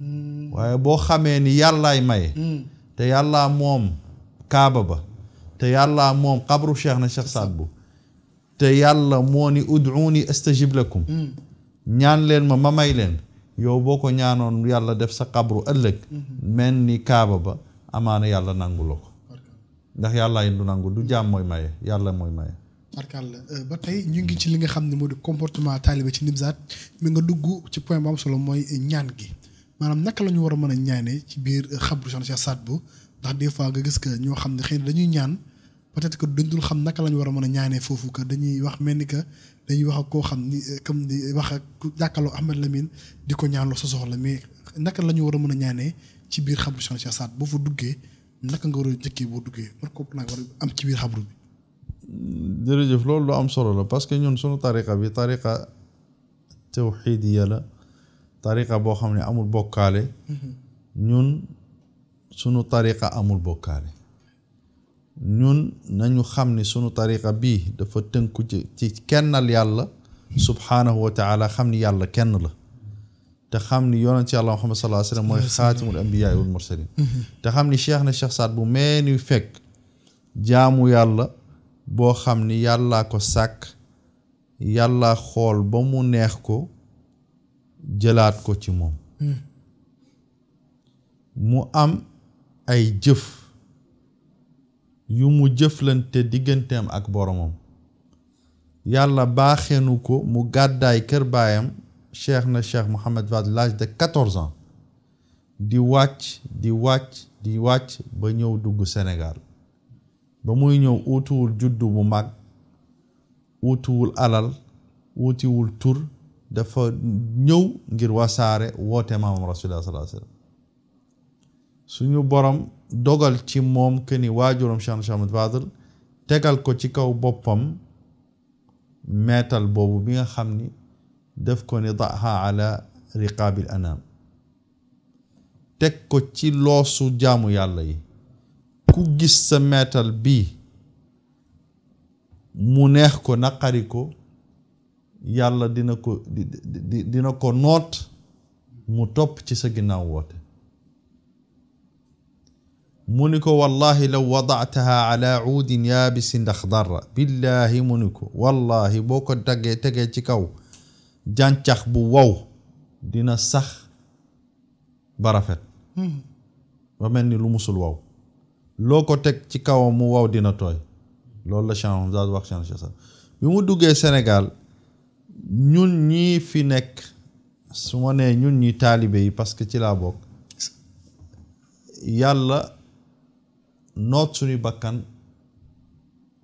mm-hmm. waaye boo xamee ni yàllaay maye mm-hmm. te yàllaa moom kaaba ba te yàllaa moom xabru cheikh na cheikh Saad bu te yàlla moo ni ud'uuni astajib lakum ñaan leen ma ma may leen yow boo ko ñaanoon yàlla def sa xabru ëllëg mel ni kaaba ba amaana yàlla nangu la ko ndax yàllaa yi du nangu du jaam mooy maye yàlla mooy maye barkaal euh, ba tey ñu ngi ci li nga xam ne moo di comportement taalibe ci Nimzaat mi nga dugg ci point bu solo mooy ñaan gi maanaam naka la ñu war a mën a ñaanee ci biir xabru Soxna Cheikh Saad Bou ndax des fois nga gis que ñoo xam ne xëy na dañuy ñaan peut-être que duñ dul xam naka la ñu war a mën a ñaanee foofu que dañuy wax mel ni que dañuy wax ak koo xam ni euh, comme di wax ak jàkkaarloo Ahmed Lamine di ko ñaanloo sa soxla mais naka la ñu war a mën a ñaanee ci biir xabru Soxna Cheikh Saad Bou boo fa duggee naka nga war a njëkkee boo duggee man kooku nag war a am ci biir xabru bi. جرجف لولو ام صلو لا باسكو نيون سونو طريقه بي طريقه توحيديه لا طريقه بو خامني امول بوكالي نيون سونو طريقه امول بوكالي نيون نانيو خامني سونو طريقه بي دا تنكو تي كينال يالا سبحانه وتعالى خامني يالا كين تا خامني يونس يالا محمد صلى الله عليه وسلم موي خاتم الانبياء والمرسلين تا خامني شيخنا الشيخ سعد بو مينيو فيك جامو يالا boo xam ni yàllaa ko sàkk yàlla xool ba mu neex ko jëlaat ko ci moom hmm. mu am ay jëf yu mu jëflante digganteem ak boromam yàlla baaxeenu ko mu gàddaay kër baayam cheikh na cheikh Mohammed Wade l'âge de quatorze ans di wàcc di wàcc di wàcc ba ñëw dugg Sénégal ba muy ñëw utiwul juddu bu mag utiwul alal utiwul tur dafa ñëw ngir wasaare woote maamam rasulullah sallallahu suñu boroom dogal ci moom ke ni waajuram Cheikh Ahmad Fadil tegal ko ci kaw boppam meetal boobu bi nga xam ni def ko ni daha ala anaam teg ko ci loosu jaamu yàlla yi ku gis sa meetal bii mu neex ko naqari ko yàlla dina ko dina ko noot mu topp ci sa ginnaaw woote mu ni ko wallahi law wadataha ala uudin ndax axdarra billahi mu ni ko wallahi boo ko tegee tegee ci kaw jàncax bu wow dina sax ba rafet hmm. mel ni lu musul wow loo ko teg ci kawam mu waw dina tooy loolu la Cheikh Hamza wax Cheikh bi mu duggee Sénégal ñun ñii fi nekk su ma nee ñun ñi taalibe yi parce que ci laa bokk yàlla noot suñu bakkan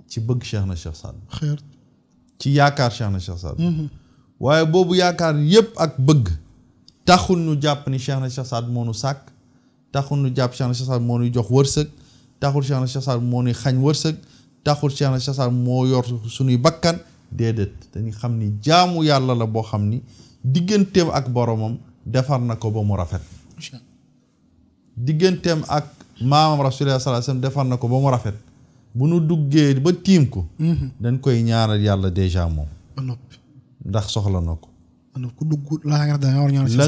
ci bëgg Cheikh na Cheikh Saad Bou ci yaakaar Cheikh na Cheikh Saad mm-hmm. waaye boobu yaakaar ni yépp ak bëgg taxul nu jàpp ni Cheikh na Cheikh Saad Bou moo nu sàkk taxul ñu jàpp Cheikh na Cheikh Saad moo nu jox wërsëg taxul Cheikh na Cheikh moo ni xañ wërsëg taxul Cheikh na Cheikh moo yor suñuy bakkan déedéet dañuy xam ni jaamu yàlla la boo xam ni digganteem ak boromam defar na ko ba mu rafet digganteem ak maamam rasulullah sallallahu alayhi wasallam defar na ko ba mu rafet bu nu duggee ba tiim ko mhm. dañ koy ñaanal yàlla déjà moom ndax soxla na ko la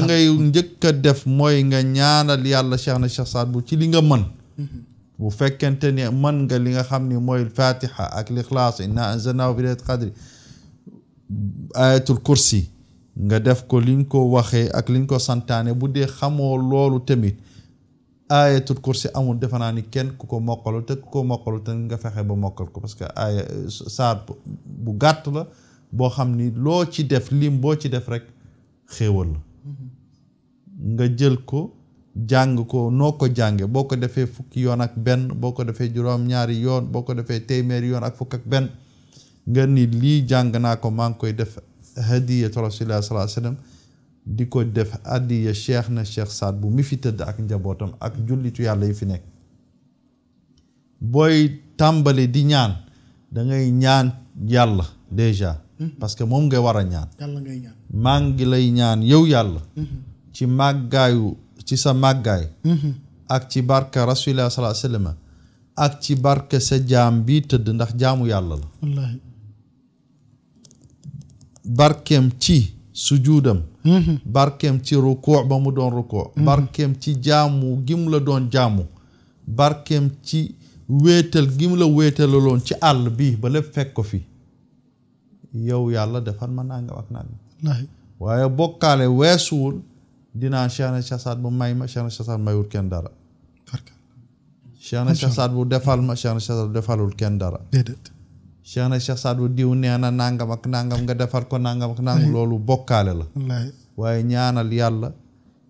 ngay njëkk def mooy nga ñaanal yàlla Cheikh na Cheikh bu ci li nga mën mhm. bu fekkente ni mën nga li nga xam ni mooy fatiha ak lixlaas inna anzalnaahu fi laylatul qadri ayatul kursi nga def ko liñ ko waxe ak liñ ko santane bu de xamoo loolu tamit ayatul kursi amul defana ni kenn ku ko mokkalu te ku ko mokkalu te nga fexe ba mokkal ko parce que aaya saar bu gàtt la boo xam ni loo ci def lim boo ci def rek xéewal la nga jël ko jang ko noko jange boko boo ko defee fukki yoon ak ben boko ko defee ñaari yon boko ko témer yon ak fuk ak ben nga ni li jang na ko mang koy def to rasulullah sallallahu alaihi wasallam di ko def hadiya cheikh na cheikh saad bu mi fi teud ak njabotam ak jullitu yalla yi fi nekk booy di ñaan da ngay ñaan yalla déjà hmm. parce que wara ñaan yalla ngay ñaan mang gi lay ñaan yow yalla hmm. ci ci sa màggaay mm-hmm. ak ci barke rasulillah sallallahu alayhi wasallam ak ci barke sa jaam bi tëdd ndax jaamu yàlla la wallaahi barkeem ci sujuudam mm-hmm. barkeem ci ruku ba mu doon ruku mm-hmm. barkeem ci jaamu gi mu la doon jaamu barkeem ci wéetal gi mu la wéetalaloon ci àll bi ba lépp fekk ko fi yow yàlla defal ma nangam ak nangam waaye bokkaale weesuwul dinaa Cheikh na Cheikh Saad bu may ma Cheikh na Cheikh Saad mayul kenn dara. Cheikh na bu defal ma Cheikh na Cheikh Saad bu defalul kenn dara. déedéet. Cheikh na Cheikh Saad bu diw nee na nangam ak nangam nga defal ko nangam ak nangam loolu bokkaale la. waaye ñaanal yàlla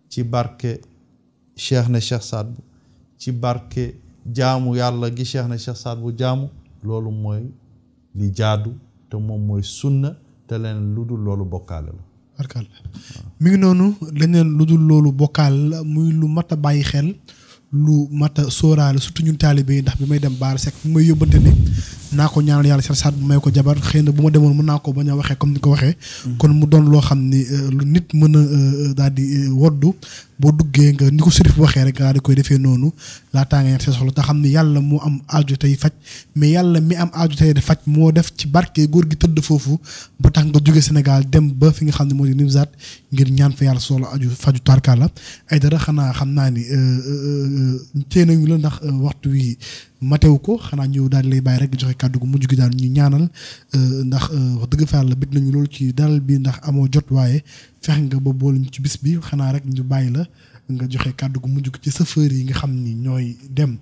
ci barke Cheikh na Cheikh Saad bu ci barke jaamu yàlla gi Cheikh na Cheikh Saad bu jaamu loolu mooy li jaadu te moom mooy sunna te leen lu dul loolu bokkaale la. barkaal mi ngi noonu leneen lu dul loolu bokkaal muy lu mat a bàyyi xel lu mat a sóoraale surtout ñun taalibe yi ndax bi may dem baar sekk bi may yóbbante ne naa ko ñaanal yàlla seen saat bu may ko jabar xëy na bu ma demoon mën naa ko bañ a waxee comme ni ko waxee mm-hmm. kon mu doon loo xam ni euh, lu nit mën a euh, euh, daal di woddu boo duggee nga ni ko sërif waxee rek daal di koy defee noonu laataa nga seen soxla te xam ne yàlla moo am aaju tey faj mais yàlla mi am aaju tey faj moo def ci barke góor gi tëdd foofu ba tax nga jóge Sénégal dem ba fi nga xam ne moo di Nimzaat ngir ñaan fa yàlla soxla aju faju tarkaala ay dara xanaa xam naa ni tey nañu la ndax waxtu wi matew ko xanaa ñëw daal di lay bàyyi rek joxe kàddu gu mujj gi daal ñu ñaanal euh, ndax euh, wax dëgg fa la bëgg nañu loolu ci dalal bii ndax amoo jot waaye fex nga ba boole ñu ci bis bi xanaa rek ñu bàyyi la nga joxe kàddu gu mujj gi ci chauffeur yi nga xam ni ñooy dem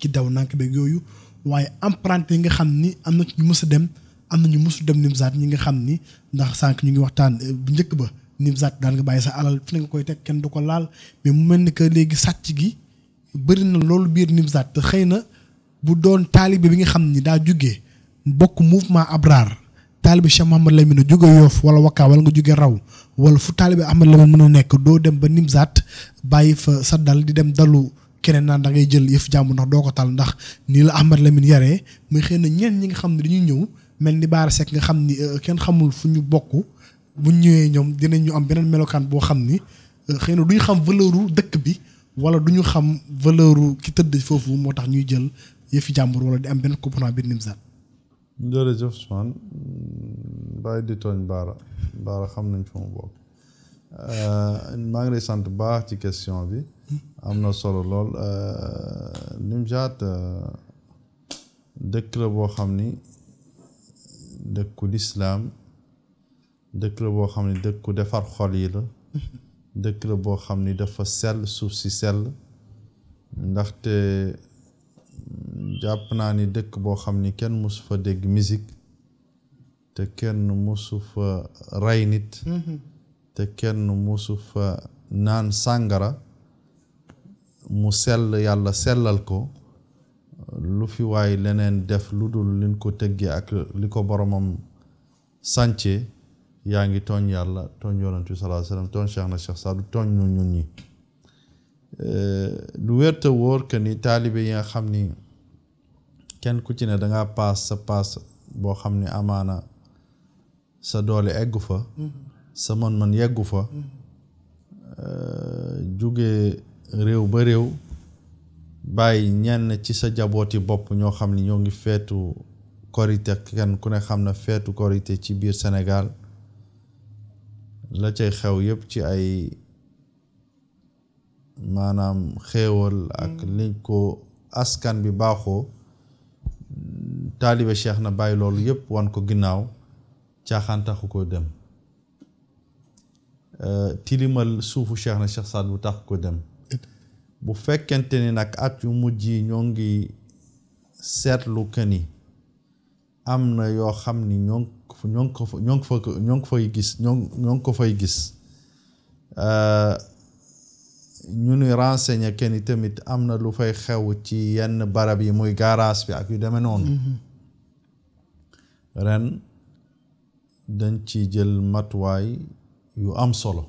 ci daw nank beeg yooyu waaye emprunté yi nga xam ni am na ñu mës dem am na ñu mësu dem Nimzaat ñi nga xam ni ndax sànq ñu ngi waxtaan euh, bu njëkk ba Nimzaat daal nga bàyyi sa alal fi nga koy teg kenn du ko laal mais mu mel ni que léegi sàcc gi bëri na loolu biir Nimzaat te xëy na bu doon taalibe bi nga xam ni daa jugee bokk mouvement Abraar taalibe Cheikh Mahamad Lamine a jóge Yoof wala Wakka wala nga jóge raw wala fu taalibe Ahmad Lamine mën a nekk doo dem ba Nimzaat bàyyi fa sa dal di dem dalu keneen naan da ngay jël yëf jàmb ndax doo ko tal ndax nii la Ahmad Lamine yare muy xëy na ñeen ñi nga xam ne dañuy ñëw mel ni Baara Seck nga xam ni euh, kenn xamul fu ñu bokk buñ ñëwee ñoom dinañ ñu am beneen melokaan boo xam ni euh, xëy na duñu xam valeuru dëkk bi wala duñu xam valeuru ki tëdd foofu moo tax ñuy jël yëfi jàmbur wala di am benn comportement biir Nimzaat. jërëjëf Ousmane bàyyi di tooñ Baara Baara xam nañ fa mu bokk euh, maa ngi sant baax ci question bi am na solo lool euh, Nimzaat euh, dëkk la boo xam ni dëkku lislaam dëkk la boo xam ni dëkku defar xol yi la dëkk la boo xam ni dafa sell suuf si sell ndaxte. jàpp naa ni dëkk boo xam ni kenn mosu fa dégg misik te kenn mosu fa rey nit mm-hmm. te kenn mosu fa naan sàngara mu sell yàlla sellal ko lu fi waay leneen def lu dul liñ ko tëggee ak li ko boromam sànce yaa ngi tooñ yàlla tooñ yonent bi sallallahu alayhi wasallam tooñ Cheikh na Cheikh Saadu tooñ ñun ñi Eh, lu wér te wóor ni taalibe yi nga xam ni kenn ku ci ne danga paas sa paas boo xam ni amaana sa doole eggu fa mm-hmm. sa man mën yeggu fa mm-hmm. eh, jóge réew ba réew bàyyi ñenn ci sa jabooti bopp ñoo xam ni ñoo ngi feetu korite kenn ku ne xam na feetu korite ci biir Sénégal la cay xew yépp ci ay maanaam xéewal ak li mm. ko askan bi baaxoo taalibe cheikh na bàyyi loolu yépp wan ko ginnaaw caaxaan ko dem euh, tilimal suufu cheikh na cheikh Saad bu taxu ko dem bu fekkente ni nag at yu mujj yi ñoo ngi seetlu que ni am na yoo xam ni ñoo ngi ñoo ngi ko fa ñoo ngi fay gis ñoo ñoo ngi ko fay gis euh, ñu ni renseigner kenn tamit am na lu fay xew ci yenn barab yi muy garage bi ak yu demee noonu mm-hmm. ren dañ ci jël matuwaay yu am solo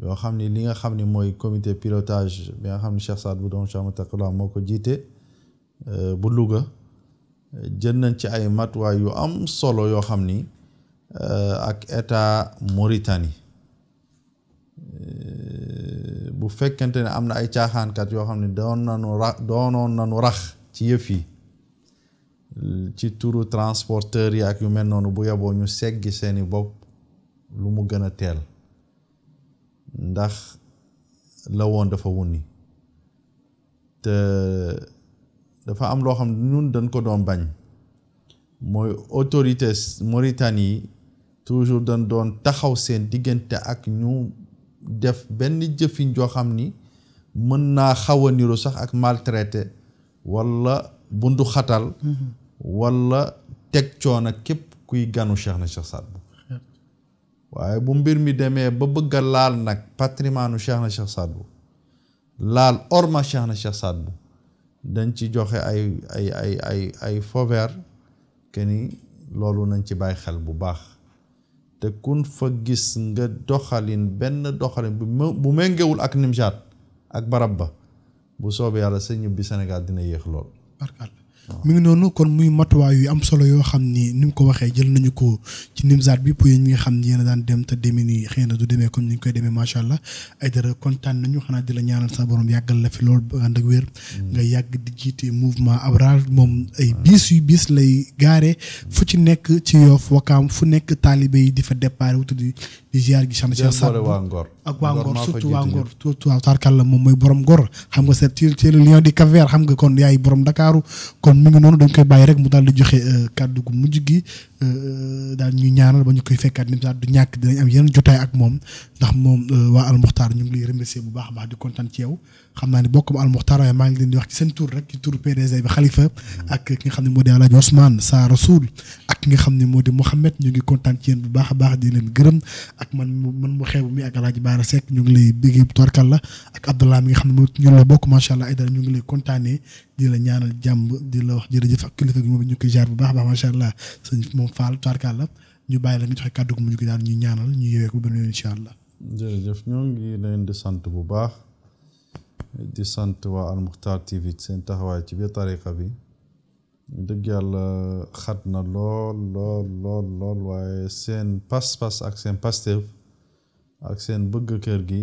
yoo xam ni li nga xam ni mooy comité pilotage bi nga xam ni Cheikh Saad bu doom Cheikh Matakoula moo ko jiite euh, bu Louga jël nañ ci ay matuwaay yu am solo yoo xam ni euh, ak état Mauritanie bu fekkente ne am na ay caaxaankat yoo xam ne doon nanu ra doonoon nanu rax ci yëf yi ci turu transporteur yi ak yu mel noonu bu yeboo ñu seggi seeni bopp lu mu gën a teel ndax la woon dafa wuni te dafa am loo xam ne ñun dañ ko doon bañ mooy autorités Mauritanie toujours dañ doon taxaw seen diggante ak ñu def benn jëfin joo xam ni mën naa xaw a niru sax ak maltraité wala bundu xatal mm-hmm. wala teg coono képp kuy ganu Cheikh na Cheikh Saad Bou waaye bu mbir mi demee ba bëgg laal nag patrimoine Cheikh na Cheikh Saad Bou laal orma Cheikh na Cheikh Saad Bou dañ ci joxe ay ay ay ay ay loolu nañ ci bàyyi xel bu baax te kun fa gis nga doxalin benn doxalin bu méngewul ak nimsaat ak barab ba bu soobee yàlla sa ñibbi Sénégal dina yéex lool. mi ngi noonu kon muy matuwaay yu am solo yoo xam ni ni mu ko waxee jël nañu ko ci nimsaat bi pour ñi nga xam yéen daan dem te nii xëy na du demee comme ni ñu koy demee macha allah ay kontaan nañu xanaa di la ñaanal sa borom la fi lool ba ànd ak wér. Mm. nga yàgg di jiite mouvement Abrar moom ay biis yu biis lay gaare fu ci nekk ci Yoff fu nekk taalibe yi di fa départ wutu di di ziar gi. sànni si waa Ngor ak waa Ngor Ngor surtout waa Tarkalla moom mooy borom Ngor xam nga c'est di cap xam nga kon yaay borom ndakaaru kon kon mi noonu dañ koy bàyyi rek mu daal di joxe euh, kàddu gu mujj gi euh, euh, daal ñu ñaanal ba ñu koy fekkaat ni daal du ñàkk dinañ am yeneen jotaay ak moom ndax moom waa Al Moukhtar ñu ngi lay remercier bu baax a baax di kontaan ci yow xam naa ne bokk ba almuxtaar waaye maa ngi wax ci seen tur rek ci turu PDG bi Khalifa ak ki nga nga xam ne moo di ñu ngi kontaan ci yéen bu baax a baax di leen gërëm ak man man mu xeebu mi ak Alaaji Baara Seck ñu ngi la ak Abdallah mi nga xam ne moo ñu bokk macha allah ay ngi lay kontaanee di la ñaanal jàmm di la wax jërëjëf kilifa gi moom ñu koy jaar bu baax a baax macha allah sëñ moom la ñu bàyyi la nga joxe kàddu gu mujj gi daal ñu ñaanal ñu yeewee ko benn yoon incha allah jërëjëf ñoo ngi leen di sant bu baax di sant waa Al TV seen taxawaay ci biir tariqa bi dëgg yàlla xat na lool lool lool waaye seen pas-pas ak seen pasteef ak seen bëgg kër gi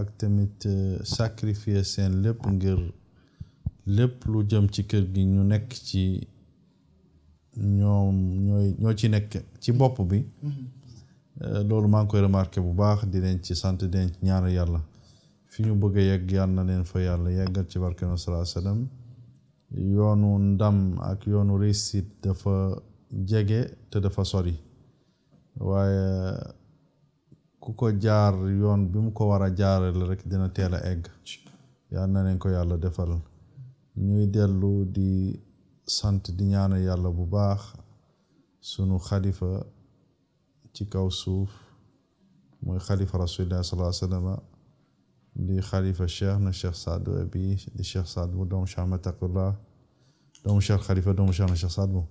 ak tamit euh, sacrifier seen lépp ngir lépp lu jëm ci kër gi ñu nekk ci ñoom ñooy ñoo ci nekk ci bopp bi mm-hmm. euh, loolu maa ngi koy remarqué bu baax di leen ci sant di leen ci ñaanal yàlla fi ñu bëgg yegg yal na leen fa yàlla yeggal ci barke na salaa yoonu ndam ak yoonu réussite dafa jege te dafa sori waaye ku ko jaar yoon bi mu ko war a jaarale rek dina teel a egg yal na leen ko yàlla defal ñuy dellu di sant di ñaanal yàlla bu baax sunu xalifa ci kaw suuf muy xalifa rasulillah salaa sallama لخليفة الشيخ من الشيخ سعد وأبيه للشيخ سعد بو دوم شاه متق الله دوم شاه الخليفة دوم شاه الشيخ سعد بو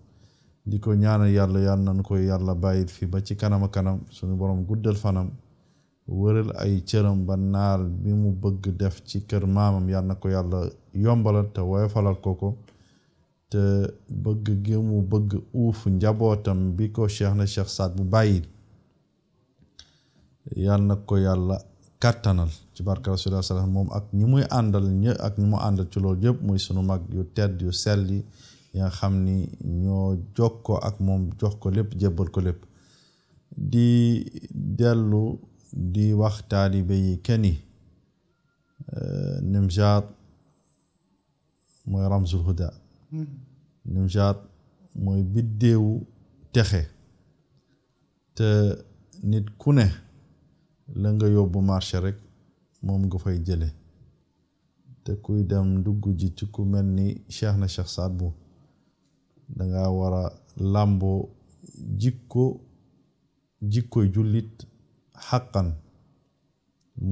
di ko ñaanal yàlla yàlla nañu koy yàlla bàyyil fi ba ci kanam a kanam suñu borom guddal fanam wëral ay cëram ba naal bi mu bëgg def ci kër maamam yàlla na ko yàlla yombalal te woyofalal ko ko te bëgg gi mu bëgg uuf njabootam bi ko cheikh na cheikh saad bu bàyyil yàlla na ko yàlla kàttanal ci barke rasulullah sallallahu alayhi wa moom ak ñi muy àndal ñë ak ñi mu àndal ci loolu yëpp muy sunu mag yu tedd yu sell yi nga xam ni ñoo jokkoo ak moom jox ko lépp jébbal ko lépp di dellu di wax taalibe yi keni nimjaat mooy ramzul huda nimjaat mooy biddeewu texe te nit ku ne la nga yóbbu marché rek moom nga fay jële te kuy dem dugg ji ci ku mel ni cheikh na cheikh saad bu danga war a làmboo jikko jikkoy jullit xaqan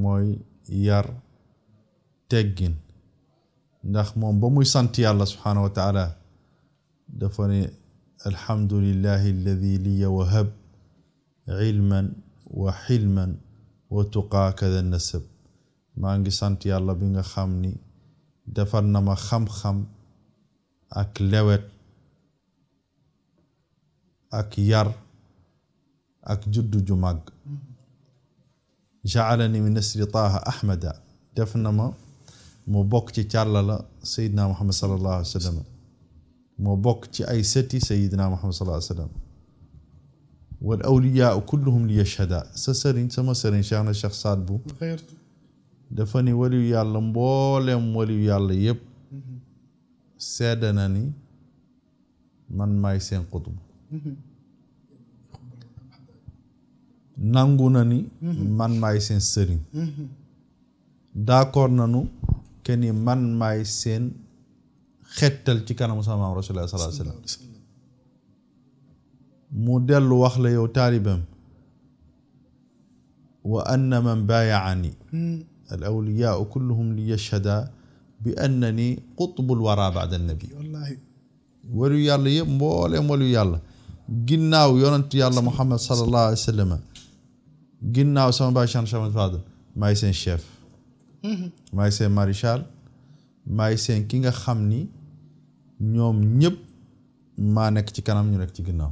mooy yar teggin ndax moom ba muy sant yàlla subhanahu wa taala dafa ne alhamdulillahi alladi liya wahab ilman wa xilman وتقى كذا النسب ما انقي سانتي الله بينا خامني دفرنا ما خم خم اك لوت اك ير اك جد جمعك جعلني من نسل طه احمد دفنا ما مبوك تشارلالا سيدنا محمد صلى الله عليه وسلم مبوك اي ستي سيدنا محمد صلى الله عليه وسلم والاولياء كلهم ليشهدا سسر انت ما سر ان شاءنا شخصات بو غيرت دفني ولي يا الله مبولم ولي يا الله يب سادناني من ماي سين قطب نانغوناني من ماي سين سرين داكور نانو كني من ماي سين ختل تي كانو سما رسول الله صلى الله عليه وسلم mu dellu wax la yow taalibaam wa anna man baayaani al awliyaau kulluhum li yashhada bi annani qutbul wara baada annabi wallahi walu yàlla yëpp mbooleem walu yàlla ginnaaw yonent yàlla muhammad salallahu alayhi wasallam sallam ginnaaw sama baay chan Ahmad Fadal maay seen chef maay seen marichal maay seen ki nga xam ni ñoom ñëpp maa nekk ci kanam ñu nekk ci ginnaaw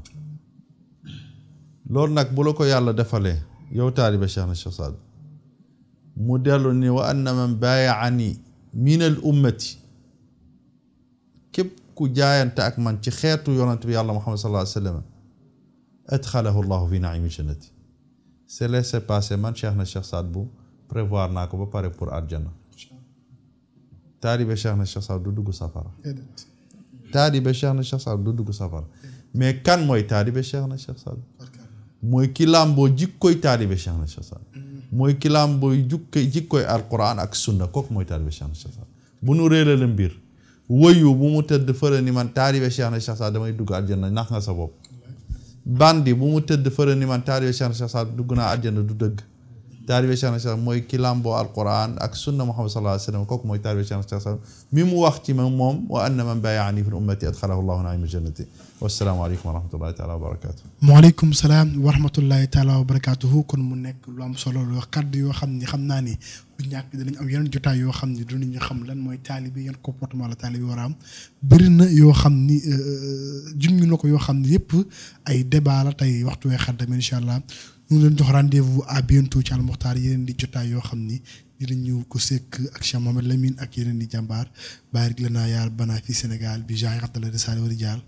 loolu nag bu la ko yàlla defalee yow taaliba Cheikh na Cheikh mu dellu ni wa anna man baayaani min al ummati képp ku jaayante ak man ci xeetu yonent bi yàlla Muhammad sallallahu alayhi wa sallam adxalahu llahu fi naimi jannati c'est laissé passer man Cheikh na Cheikh Saad bu prévoir naa ko ba pare pour àjjana taaliba Cheikh na Cheikh Saad du dugg safara taaliba Cheikh na Cheikh Saad du dugg safara mais kan mooy taaliba Cheikh na Cheikh Saad mooy ki làmboo jikkoy taalibe Cheikh na Cheikh mm. mooy ki làmboo jikkoy jikkoy ak sunna kooku mooy taalibe Cheikh na Cheikh bu nu réela la mbir wëyu bu mu tëdd fële ni man taalibe Cheikh na Cheikh Saad damay dugg àjjana nax nga sa bopp mm. bandi bu mu tëdd fële ni man taalibe Cheikh na Cheikh dugg naa àjjana du dëgg taalibe Cheikh na Cheikh mooy ki làmboo alquran ak sunna Muhammad sallallahu alayhi wa sallam kooku mooy taalibe Cheikh na Cheikh mi mu wax ci man moom wa anna man baayaani fi ummati adxalahu llahu naima jannati wasalaamu aleykum wa rahmatullahi taala wa barakatuh maaleykum salaam wa rahmatullahi taala wa barakatuhu kon mu nekk lu am solo lu kàddu yoo xam ni xam naa ni du ñàkk dinañ am yeneen jotaay yoo xam ni dinañu xam lan mooy taalibe yan comportement la taalibe war a am bëri na yoo xam ni junj na ko yoo xam ni yëpp ay débat la tey waxtu wee xaddam incha allah ñu ngi leen jox rendez-vous à bientôt yeneen di jotaay yoo xam ni dinañ ñu ko sekk ak Cheikh Mohamed ak yeneen di jàmbaar bàyyi la naa yaar banaa fii Sénégal bi jaay xattala risaale wala jaal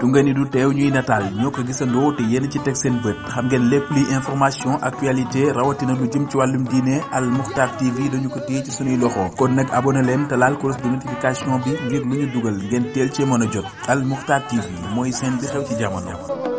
tunga ni du teew ñuy natal ñoko ko gisandoo te yéen ci teg seen beut xam ngeen lépp li information actualité rawati na lu jëm ci wàllum diine Al Moukhtar TV dañu ko téye ci suñuy loxo kon nak abonné leen te laal cloche de notification bi ngir lu duggal ngeen teel ci mëna jot Al Moukhtar TV moy seen bi xew ci jamono.